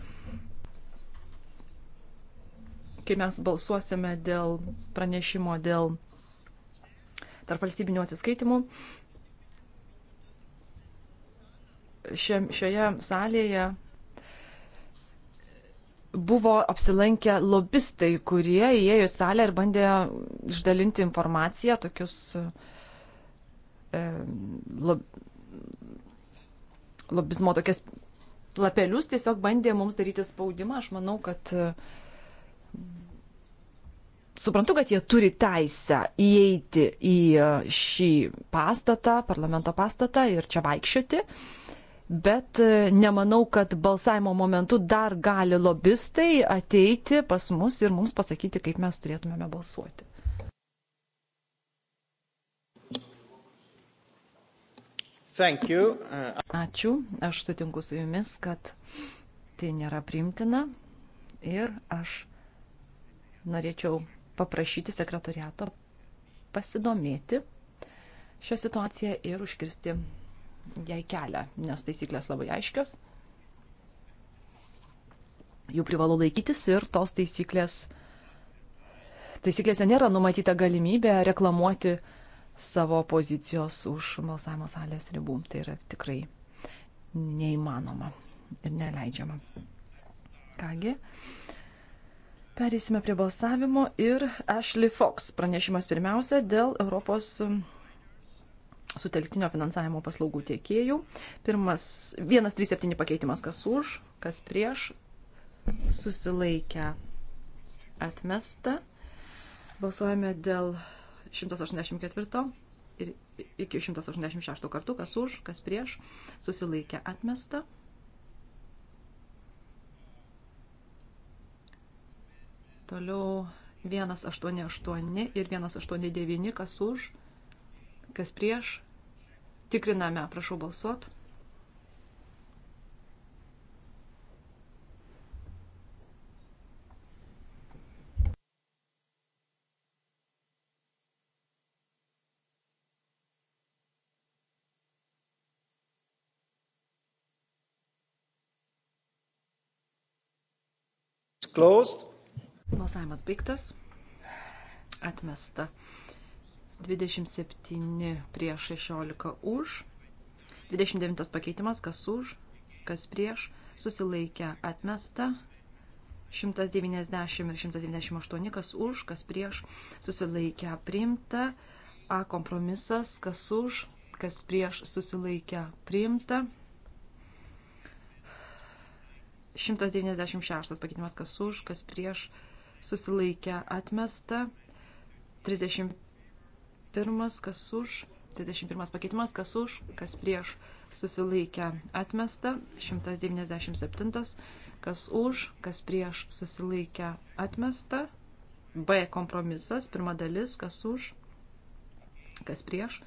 kai mes balsuosime dėl pranešimo dėl tarp valstybinių atsiskaitimų, šioje salėje buvo apsilankę lobistai, kurie įėjo į salę ir bandė išdalinti informaciją, tokius e, lob, lobizmo tokias lapelius, tiesiog bandė mums daryti spaudimą. Aš manau, kad suprantu, kad jie turi teisę įeiti į e, šį pastatą, parlamento pastatą ir čia vaikščioti, bet e, nemanau, kad balsavimo momentu dar gali lobistai ateiti pas mus ir mums pasakyti, kaip mes turėtumėme balsuoti. Ačiū, aš sutinku su jumis, kad tai nėra primtina ir aš norėčiau paprašyti sekretoriato pasidomėti šią situaciją ir užkirsti jai kelią, nes taisyklės labai aiškios. Jų privalu laikytis ir tos taisyklės. Taisyklėse nėra numatyta galimybė reklamuoti savo pozicijos už balsavimo salės ribų. Tai yra tikrai neįmanoma ir neleidžiama. Kągi, Pereisime prie balsavimo ir Ashley Fox pranešimas pirmiausia dėl Europos um, sutelktinio finansavimo paslaugų tiekėjų. Pirmas 137 pakeitimas, kas už, kas prieš, susilaikę atmesta. Balsuojame dėl 184 ir iki 186 kartų, kas už, kas prieš, susilaikę atmesta. Toliau 188 ir 189, kas už, kas prieš. Tikriname, prašau balsuot. Closed Balsavimas baigtas. Atmesta. 27 prieš 16 už. 29 pakeitimas, kas už, kas prieš, susilaikę atmesta. 190 ir 198, kas už, kas prieš, susilaikę priimta. A kompromisas, kas už, kas prieš, susilaikę priimta. 196 pakeitimas, kas už, kas prieš, susilaikę priimta susilaikė atmesta, 31 kas už, 31 pakeitimas kas už, kas prieš susilaikė atmesta, 197 kas už, kas prieš susilaikė atmesta, B kompromisas, pirma dalis, kas už, kas prieš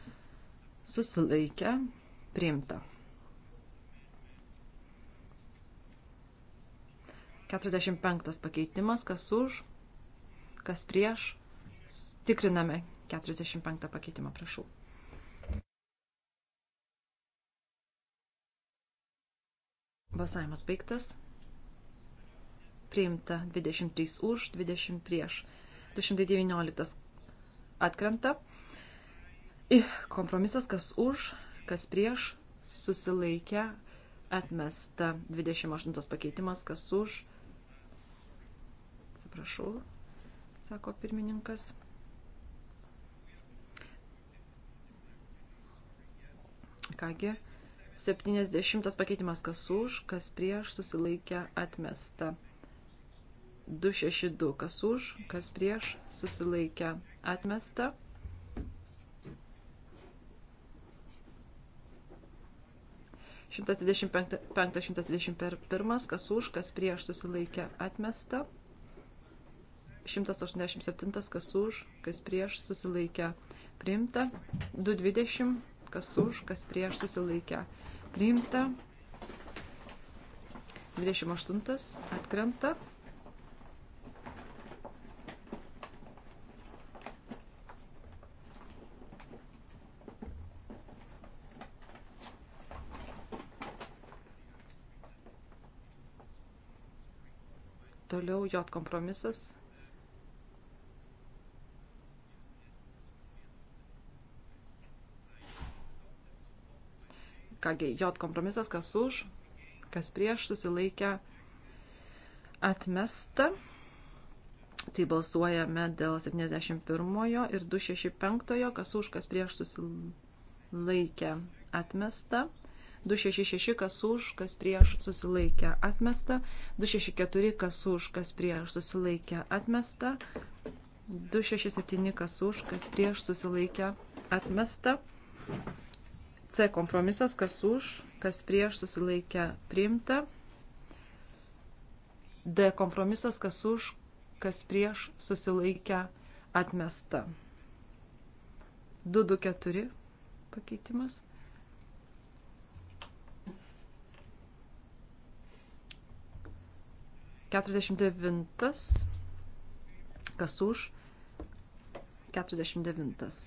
susilaikė priimta. 45 pakeitimas, kas už, kas prieš. Tikriname 45 pakeitimą, prašau. Balsavimas baigtas. Priimta 23 už, 20 prieš. 219 atkrenta. Ir kompromisas, kas už, kas prieš, susilaikė, atmesta 28 pakeitimas, kas už, Atsiprašau, sako pirmininkas. Kągi, 70 pakeitimas kas už, kas prieš, susilaikė atmesta. 262 kas už, kas prieš, susilaikė atmesta. Šimtas dvidešimt penktas, šimtas dvidešimt pirmas, kas už, kas prieš susilaikė atmesta. 187, kas už, kas prieš susilaikę priimta. 220, kas už, kas prieš susilaikę priimta. 28 atkrenta. Toliau J kompromisas Kągi, J kompromisas, kas už, kas prieš, susilaikę, atmesta. Tai balsuojame dėl 71 ir 265, kas už, kas prieš susilaikę atmesta. 266, kas už, kas prieš susilaikę atmesta. 264, kas už, kas prieš susilaikę atmesta. 267, kas už, kas prieš susilaikę atmesta. C kompromisas, kas už, kas prieš susilaikę priimta. D kompromisas, kas už, kas prieš susilaikę atmesta. 224 pakeitimas. Keturiasdešimt devintas, kas už, keturiasdešimt devintas,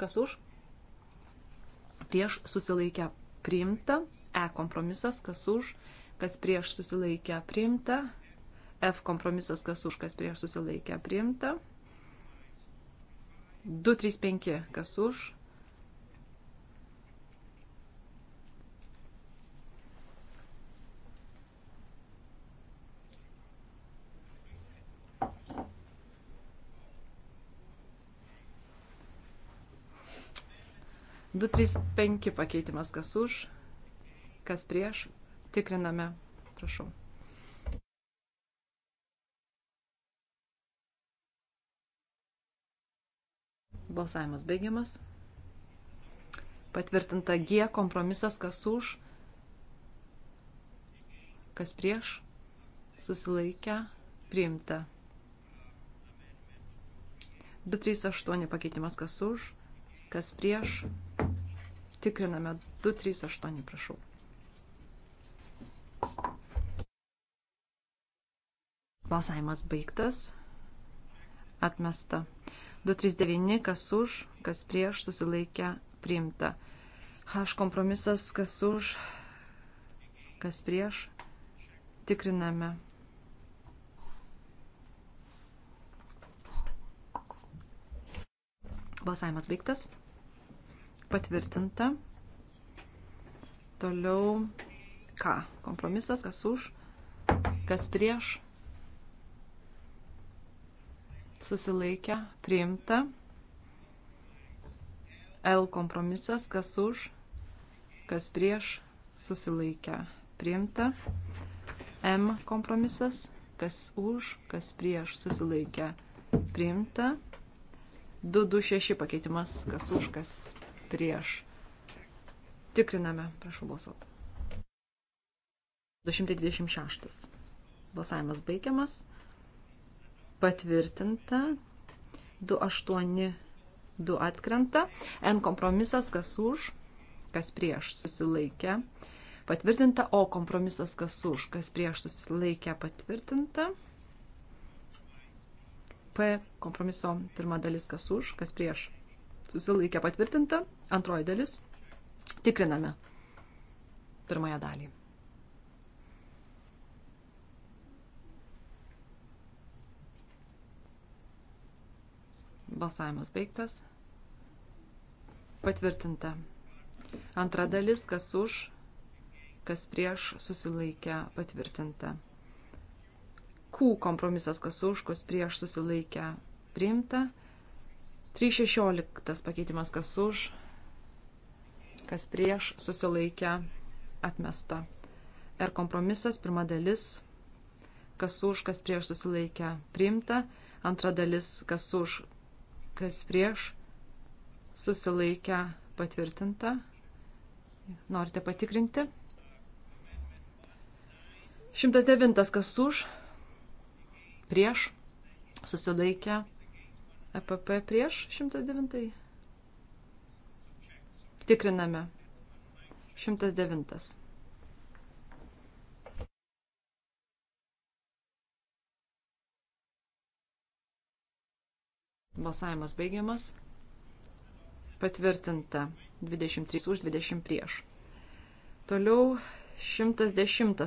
kas už, prieš susilaikę priimta, E kompromisas, kas už, kas prieš susilaikę priimta, F kompromisas, kas už, kas prieš susilaikę priimta, 235, kas už, 235 pakeitimas, kas už, kas prieš. Tikriname, prašau. Balsavimas baigiamas. Patvirtinta G kompromisas, kas už, kas prieš, susilaikę, priimta. 238 pakeitimas, kas už, kas prieš. Tikriname 238, prašau. Balsavimas baigtas. Atmesta. 239, kas už, kas prieš, susilaikę, priimta. H kompromisas, kas už, kas prieš, tikriname. Balsavimas baigtas. Patvirtinta. Toliau ką? Kompromisas, kas už, kas prieš. Susilaikę, priimta. L kompromisas, kas už, kas prieš, susilaikę, priimta. M kompromisas, kas už, kas prieš, susilaikę, priimta. 226 pakeitimas, kas už, kas prieš. Tikriname, prašau balsuoti. 226. Balsavimas baigiamas. Patvirtinta. 28. 2 atkrenta. N kompromisas, kas už, kas prieš susilaikė. Patvirtinta. O kompromisas, kas už, kas prieš susilaikė. Patvirtinta. P kompromiso pirma dalis, kas už, kas prieš susilaikė patvirtinta, antroji dalis. Tikriname pirmąją dalį. Balsavimas baigtas. Patvirtinta. Antra dalis, kas už, kas prieš, susilaikė patvirtinta. Q kompromisas, kas už, kas prieš, susilaikė priimta. 316 pakeitimas kas už, kas prieš, susilaikę, atmesta. Ir kompromisas, pirma dalis, kas už, kas prieš, susilaikę, priimta. Antra dalis, kas už, kas prieš, susilaikę, patvirtinta. Norite patikrinti? 109 kas už, prieš, susilaikę, EPP prieš 109. Tikriname. 109. Balsavimas baigiamas. Patvirtinta. 23 už, 20 prieš. Toliau 110.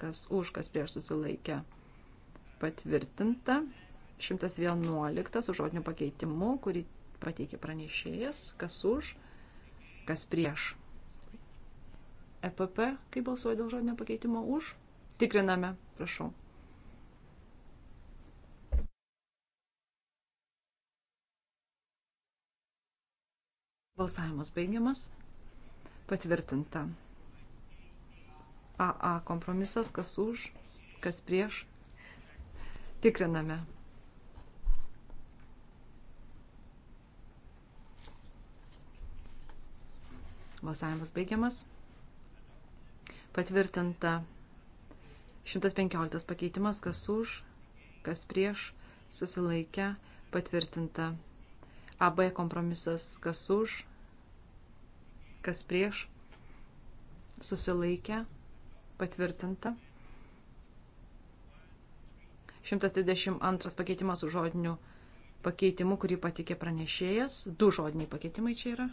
Kas už, kas prieš susilaikė. Patvirtinta. 111 su žodiniu pakeitimu, kurį pateikė pranešėjas, kas už, kas prieš. EPP, kaip balsuoja dėl žodinio pakeitimo, už. Tikriname, prašau. Balsavimas baigiamas. Patvirtinta. AA kompromisas, kas už, kas prieš. Tikriname. Balsavimas baigiamas. Patvirtinta 115 pakeitimas, kas už, kas prieš, susilaikę, patvirtinta. AB kompromisas, kas už, kas prieš, susilaikę, patvirtinta. 132 pakeitimas su žodiniu pakeitimu, kurį patikė pranešėjas. Du žodiniai pakeitimai čia yra.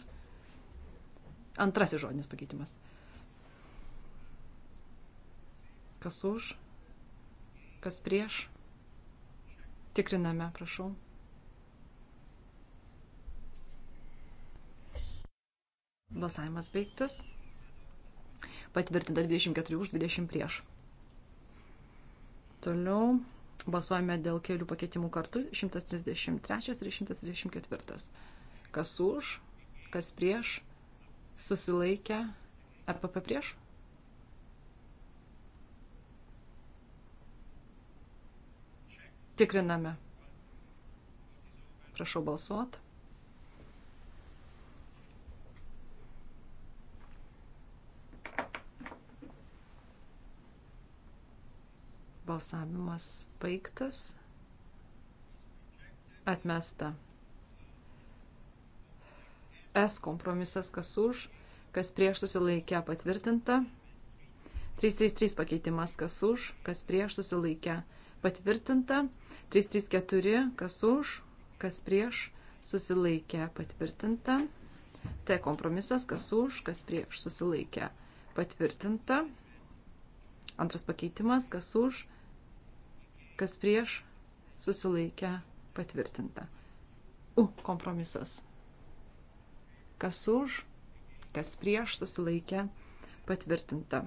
Antrasis žodinis pakeitimas. Kas už? Kas prieš? Tikriname, prašau. Balsavimas baigtas. Patvirtinta 24 už 20 prieš. Toliau balsuojame dėl kelių pakeitimų kartu 133 ir 134. Kas už, kas prieš, susilaikę, EPP prieš. Tikriname. Prašau balsuot. Balsavimas baigtas. Atmesta. S kompromisas kas už, kas prieš susilaikę patvirtinta. 333 pakeitimas kas už, kas prieš susilaikę patvirtinta. 334 kas už, kas prieš susilaikę patvirtinta. T kompromisas kas už, kas prieš susilaikę patvirtinta. Antras pakeitimas kas už, kas prieš susilaikę patvirtinta. U kompromisas Kas už, kas prieš susilaikė patvirtinta.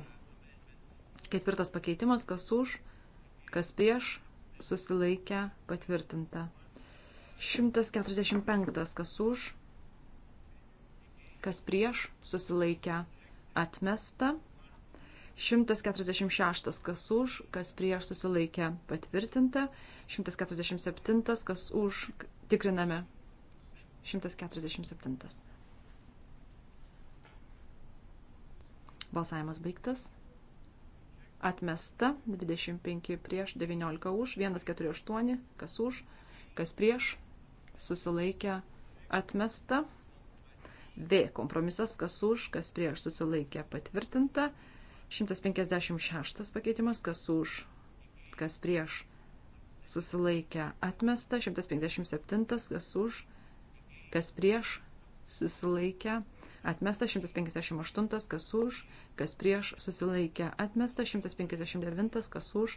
Ketvirtas pakeitimas, kas už, kas prieš susilaikė patvirtinta. 145, kas už, kas prieš susilaikė atmesta. 146 kas už, kas prieš susilaikė patvirtinta, 147 kas už tikriname 147. Balsavimas baigtas. Atmesta 25 prieš 19 už, 148 kas už, kas prieš, susilaikė atmesta. V. Kompromisas kas už, kas prieš susilaikė patvirtinta. 156 pakeitimas kas už, kas prieš susilaikė atmesta. 157 kas už, kas prieš susilaikė atmesta Atmesta 158, kas už, kas prieš susilaikė. Atmesta 159, kas už,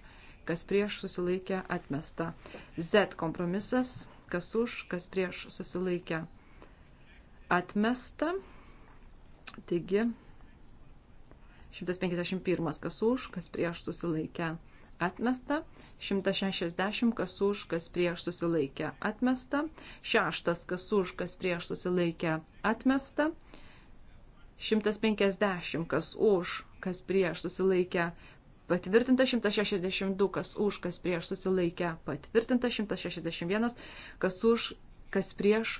kas prieš susilaikė. Atmesta. Z kompromisas, kas už, kas prieš susilaikė. Atmesta. Taigi, 151, kas už, kas prieš susilaikė. Atmesta. 160, kas už, kas prieš susilaikė. Atmesta. Šeštas, kas už, kas prieš susilaikė. Atmesta. 150, kas už, kas prieš susilaikę patvirtinta 162, kas už, kas prieš susilaikę patvirtinta 161, kas už, kas prieš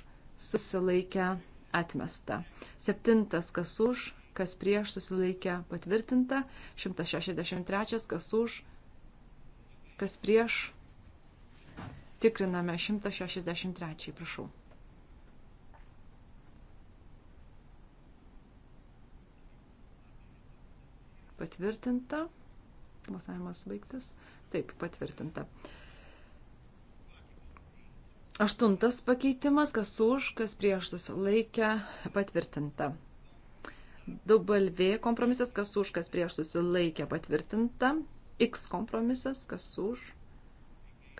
susilaikę atmesta. Septintas, kas už, kas prieš susilaikę patvirtinta, 163, kas už, kas prieš. Tikriname 163, prašau. patvirtinta. Balsavimas baigtas. Taip, patvirtinta. Aštuntas pakeitimas, kas už, kas prieš susilaikę, patvirtinta. W kompromisas, kas už, kas prieš susilaikę, patvirtinta. X kompromisas, kas už,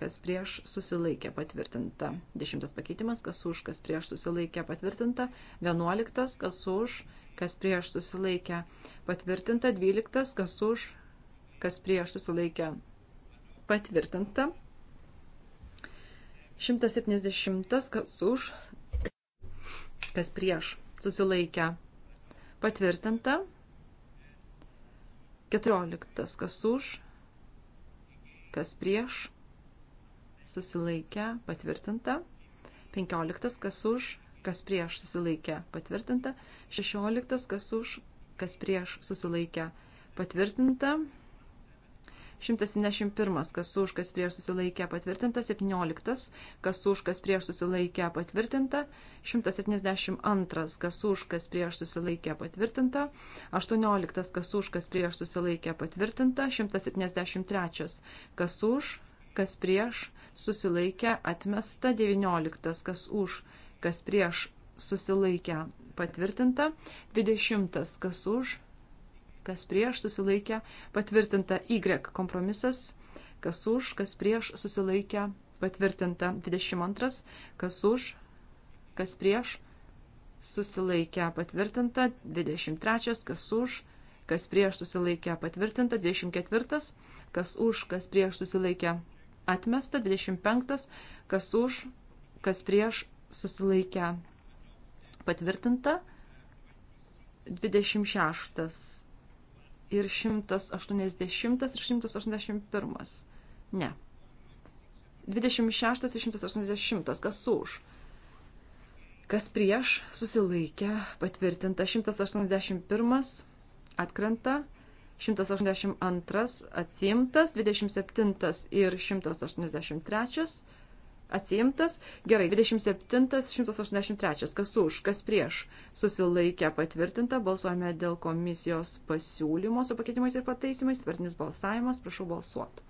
kas prieš susilaikė patvirtinta. Dešimtas pakeitimas, kas už, kas prieš susilaikė patvirtinta. Vienuoliktas, kas už, kas prieš susilaikę patvirtinta, 12 kas už, kas prieš susilaikę patvirtinta, 170 kas už, kas prieš susilaikę patvirtinta, 14 kas už, kas prieš susilaikę patvirtinta, 15 kas už, kas prieš susilaikė patvirtinta, 16 kas už, kas prieš susilaikė patvirtinta, 171 kas už, kas prieš susilaikė patvirtinta, 17 kas už, kas prieš susilaikė patvirtinta, 172 kas už, kas prieš susilaikė patvirtinta, 18 kas už, kas prieš susilaikė patvirtinta, 173 kas už, kas prieš susilaikė atmesta, 19 kas už, kas prieš susilaikę patvirtinta, 20 kas už, kas prieš susilaikę patvirtinta, Y kompromisas, kas už, kas prieš susilaikę patvirtinta, 22 kas už, kas prieš susilaikę patvirtinta, 23 kas už, kas prieš susilaikę patvirtinta, 24 kas už, kas prieš susilaikę atmesta, 25 kas už, kas prieš susilaikę patvirtinta, 26 ir 180 ir 181. Ne. 26 ir 180. Kas už? Kas prieš susilaikė patvirtinta 181 atkrenta. 182 atsimtas, 27 ir 183 Atsiimtas. Gerai, 27.183. Kas už, kas prieš. Susilaikę patvirtinta. Balsuojame dėl komisijos pasiūlymo su pakeitimais ir pataisimais. Tvirtinis balsavimas. Prašau balsuoti.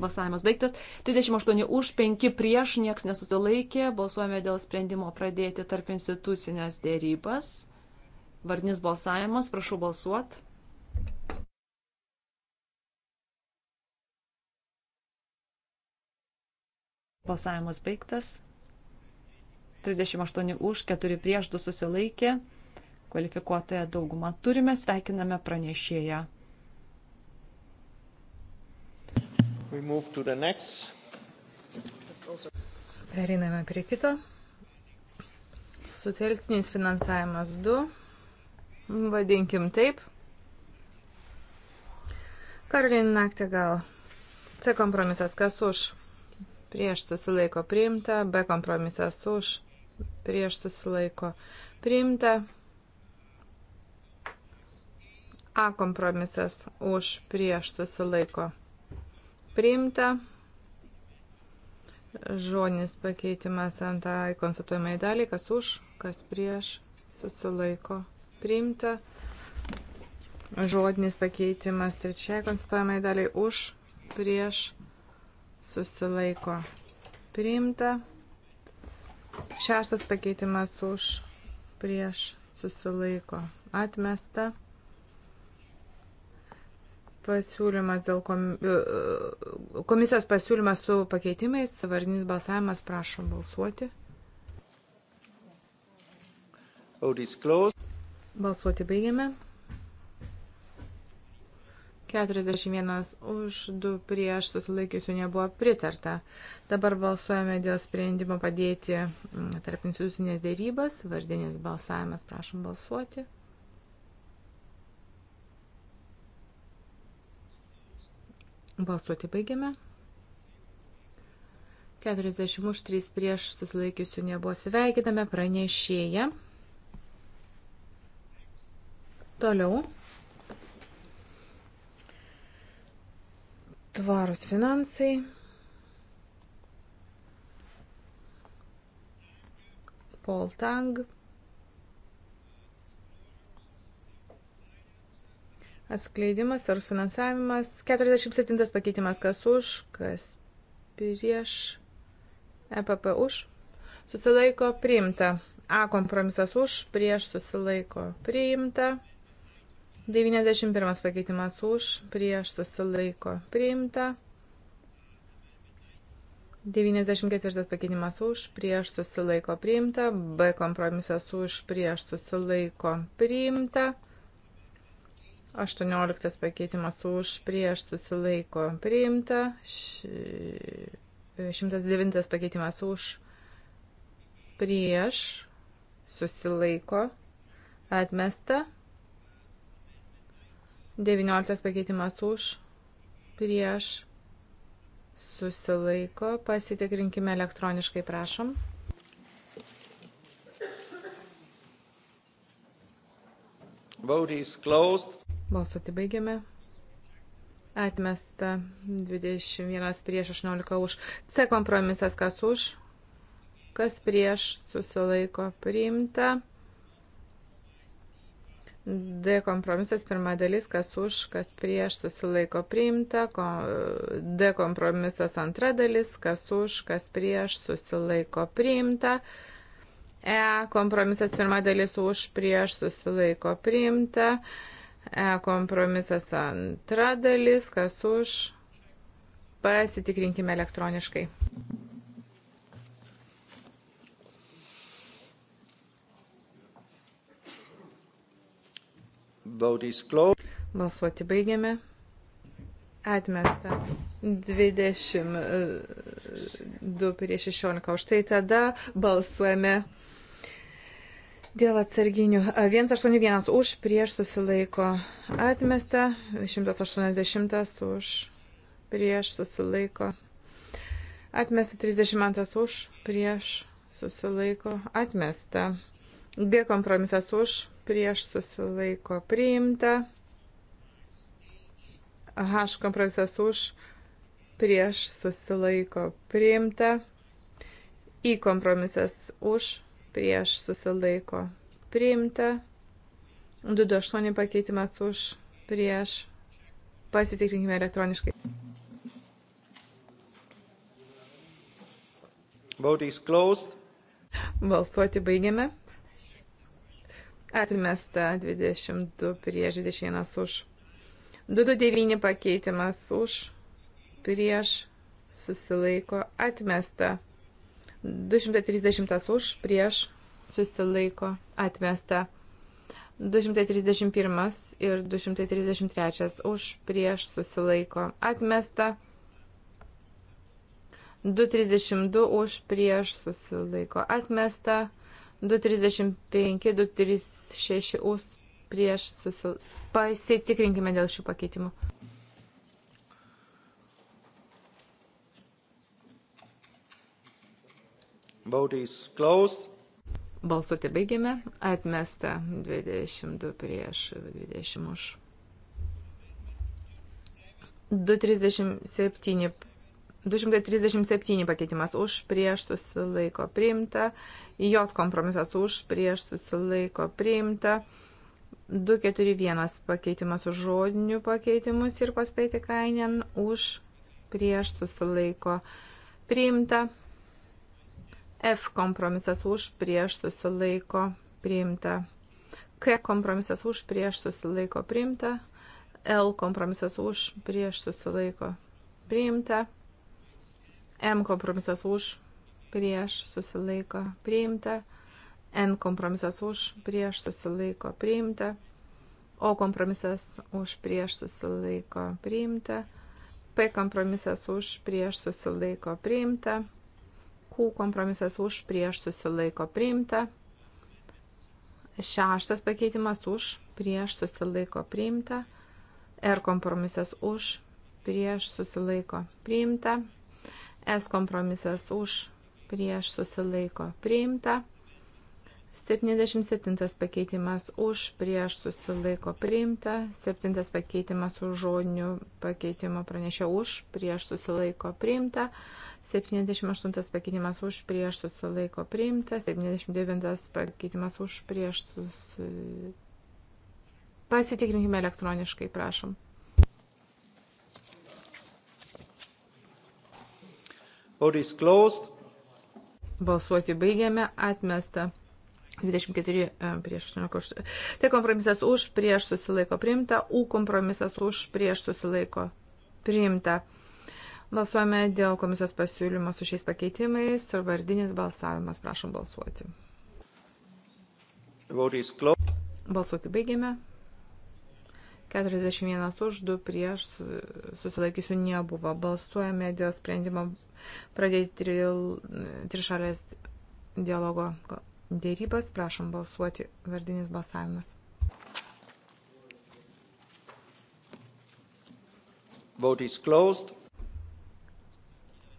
Balsavimas baigtas. 38 už, 5 prieš, nieks nesusilaikė. Balsuojame dėl sprendimo pradėti tarp institucinės dėrybas. Vardinis balsavimas, prašau balsuot. Balsavimas baigtas. 38 už, 4 prieš, 2 susilaikė. Kvalifikuotoje daugumą turime, sveikiname pranešėją. Pereiname prie kito. Sutelktiniais finansavimas 2. Vadinkim taip. Karolin naktį gal. C kompromisas kas už. Prieš susilaiko priimta. B kompromisas už. Prieš susilaiko priimta. A kompromisas už. Prieš susilaiko priimta priimta. Žodinis pakeitimas antrai konstatuojamai daliai, kas už, kas prieš, susilaiko priimta. Žodinis pakeitimas trečiai konstatuojamai daliai už, prieš, susilaiko priimta. Šeštas pakeitimas už, prieš, susilaiko atmesta pasiūlymas dėl e, komisijos pasiūlymas su pakeitimais, vardinis balsavimas, prašom balsuoti. Balsuoti baigiame. 41 už 2 prieš susilaikiusių nebuvo pritarta. Dabar balsuojame dėl sprendimo padėti mm, tarp institucinės dėrybas. Vardinis balsavimas, prašom balsuoti. Balsuoti baigiame. 40 už 3 prieš susilaikiusių nebuvo sveikiname pranešėją. Toliau. Tvarus finansai. Paul Tang. Atskleidimas ar finansavimas. 47 pakeitimas. Kas už, kas prieš. EPP už. Susilaiko priimta. A kompromisas už, prieš susilaiko priimta. 91 pakeitimas už, prieš susilaiko priimta. 94 pakeitimas už, prieš susilaiko priimta. B kompromisas už, prieš susilaiko priimta. 18 pakeitimas už prieš susilaiko priimta. 109 pakeitimas už prieš susilaiko atmesta. 19 pakeitimas už prieš susilaiko. Pasitikrinkime elektroniškai, prašom. Vote is closed. Balsuoti baigiame. Atmesta 21 prieš 18 už. C kompromisas kas už, kas prieš susilaiko priimta. D kompromisas pirma dalis, kas už, kas prieš susilaiko priimta. D kompromisas antra dalis, kas už, kas prieš susilaiko priimta. E kompromisas pirma dalis už, prieš susilaiko priimta. E, E kompromisas antra dalis, kas už. Pasitikrinkime elektroniškai. Balsuoti baigiame. Atmesta 22 e, prieš 16. Štai tada balsuojame Dėl atsarginių. 181 už, prieš susilaiko atmesta, 180 už, prieš susilaiko atmesta, 32 už, prieš susilaiko atmesta. B kompromisas už, prieš susilaiko priimta. H kompromisas už, prieš susilaiko priimta. I kompromisas už, prieš susilaiko priimta. 28 pakeitimas už prieš. Pasitikrinkime elektroniškai. Vote is closed. Balsuoti baigiame. Atmesta 22 prieš 21 už. 229 pakeitimas už prieš susilaiko atmesta. 230 už, prieš, susilaiko, atmesta. 231 ir 233 už, prieš, susilaiko, atmesta. 232 už, prieš, susilaiko, atmesta. 235, 236 už, prieš, susilaiko. Pasitikrinkime dėl šių pakeitimų. Vote is closed. Balsuoti baigėme. Atmesta 22 prieš 20 už. 237, 237 pakeitimas už prieš susilaiko priimta, J kompromisas už prieš susilaiko priimta, 241 pakeitimas už žodinių pakeitimus ir paspėti kainien už prieš susilaiko priimta. F kompromisas už prieš susilaiko priimta. K kompromisas už prieš susilaiko priimta. L kompromisas už prieš susilaiko priimta. M kompromisas už prieš susilaiko priimta. N kompromisas už prieš susilaiko priimta. O kompromisas už prieš susilaiko priimta. P kompromisas už prieš susilaiko priimta. Q kompromisas už prieš susilaiko priimta. Šeštas pakeitimas už prieš susilaiko priimta. R kompromisas už prieš susilaiko priimta. S kompromisas už prieš susilaiko priimta. 77 pakeitimas už prieš susilaiko priimta, 7 pakeitimas už žodinių pakeitimo pranešė už prieš susilaiko priimta, 78 pakeitimas už prieš susilaiko priimta, 79 pakeitimas už prieš susilaiko. Pasitikrinkime elektroniškai, prašom. Vote is closed. Balsuoti baigiame atmestą. 24 e, prieš 18. Tai kompromisas už prieš susilaiko priimta, U kompromisas už prieš susilaiko priimta. Balsuojame dėl komisijos pasiūlymo su šiais pakeitimais ir vardinis balsavimas. Prašom balsuoti. Balsuoti baigėme. 41 už 2 prieš susilaikysiu nebuvo. Balsuojame dėl sprendimo pradėti trišalės dialogo dėrybas. Prašom balsuoti vardinis balsavimas. Vote is closed.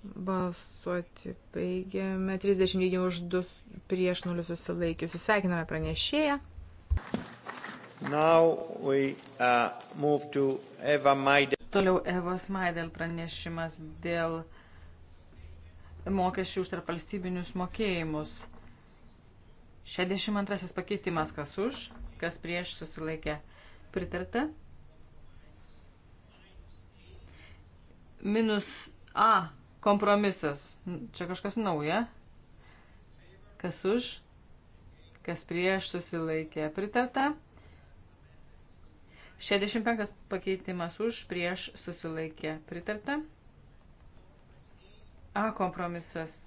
Balsuoti baigiame. 39 už 2 prieš 0 susilaikiusius. Sveikiname pranešėją. Now we, uh, move to Eva Maidel. Toliau Evos Maidel pranešimas dėl mokesčių už tarpvalstybinius mokėjimus. 62 pakeitimas, kas už, kas prieš susilaikė pritarta. Minus A kompromisas. Čia kažkas nauja. Kas už, kas prieš susilaikė pritarta. 65 pakeitimas už, prieš susilaikė pritarta. A kompromisas.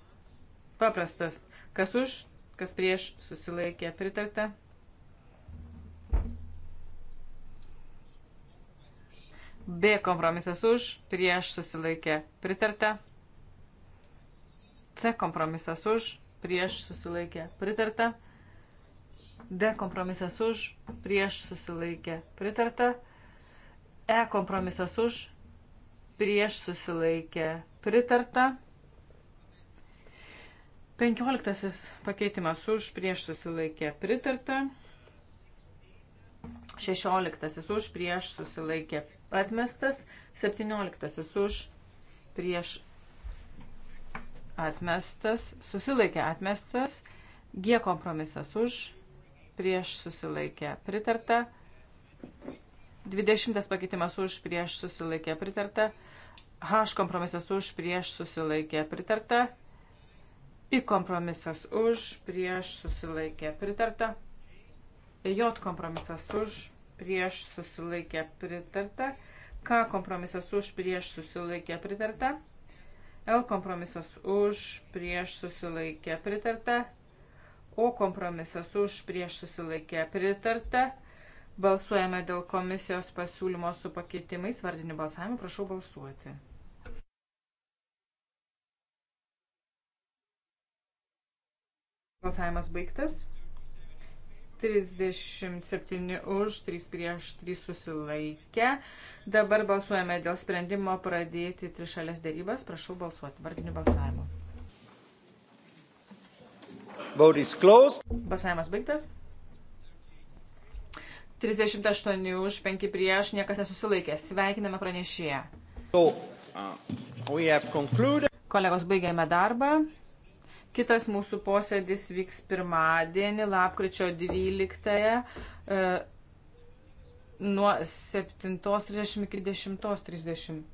Paprastas. Kas už, kas prieš susilaikė pritarta. B kompromisas už, prieš susilaikė pritarta. C kompromisas už, prieš susilaikė pritarta. D kompromisas už, prieš susilaikė pritarta. E kompromisas už, prieš susilaikė pritarta. Penkioliktasis pakeitimas už prieš susilaikė pritarta. Šešioliktasis už prieš susilaikė atmestas. Septynioliktasis už prieš atmestas. Susilaikė atmestas. G kompromisas už prieš susilaikė pritarta. Dvidešimtas pakeitimas už prieš susilaikė pritarta. H kompromisas už prieš susilaikė pritarta. Į kompromisas už, prieš susilaikė pritarta. J kompromisas už, prieš susilaikė pritarta. K kompromisas už, prieš susilaikė pritarta. L kompromisas už, prieš susilaikė pritarta. O kompromisas už, prieš susilaikė pritarta. Balsuojame dėl komisijos pasiūlymo su pakeitimais. Vardiniu balsavimu prašau balsuoti. Balsavimas baigtas. 37 už, 3 prieš, 3 susilaikę. Dabar balsuojame dėl sprendimo pradėti trišalės dėrybas. Prašau balsuoti vardiniu balsavimu. Balsavimas baigtas. 38 už, 5 prieš, niekas nesusilaikė. Sveikiname pranešėją. So, uh, Kolegos, baigėme darbą. Kitas mūsų posėdis vyks pirmadienį, lapkričio 12 e, nuo 7.30 iki 10.30.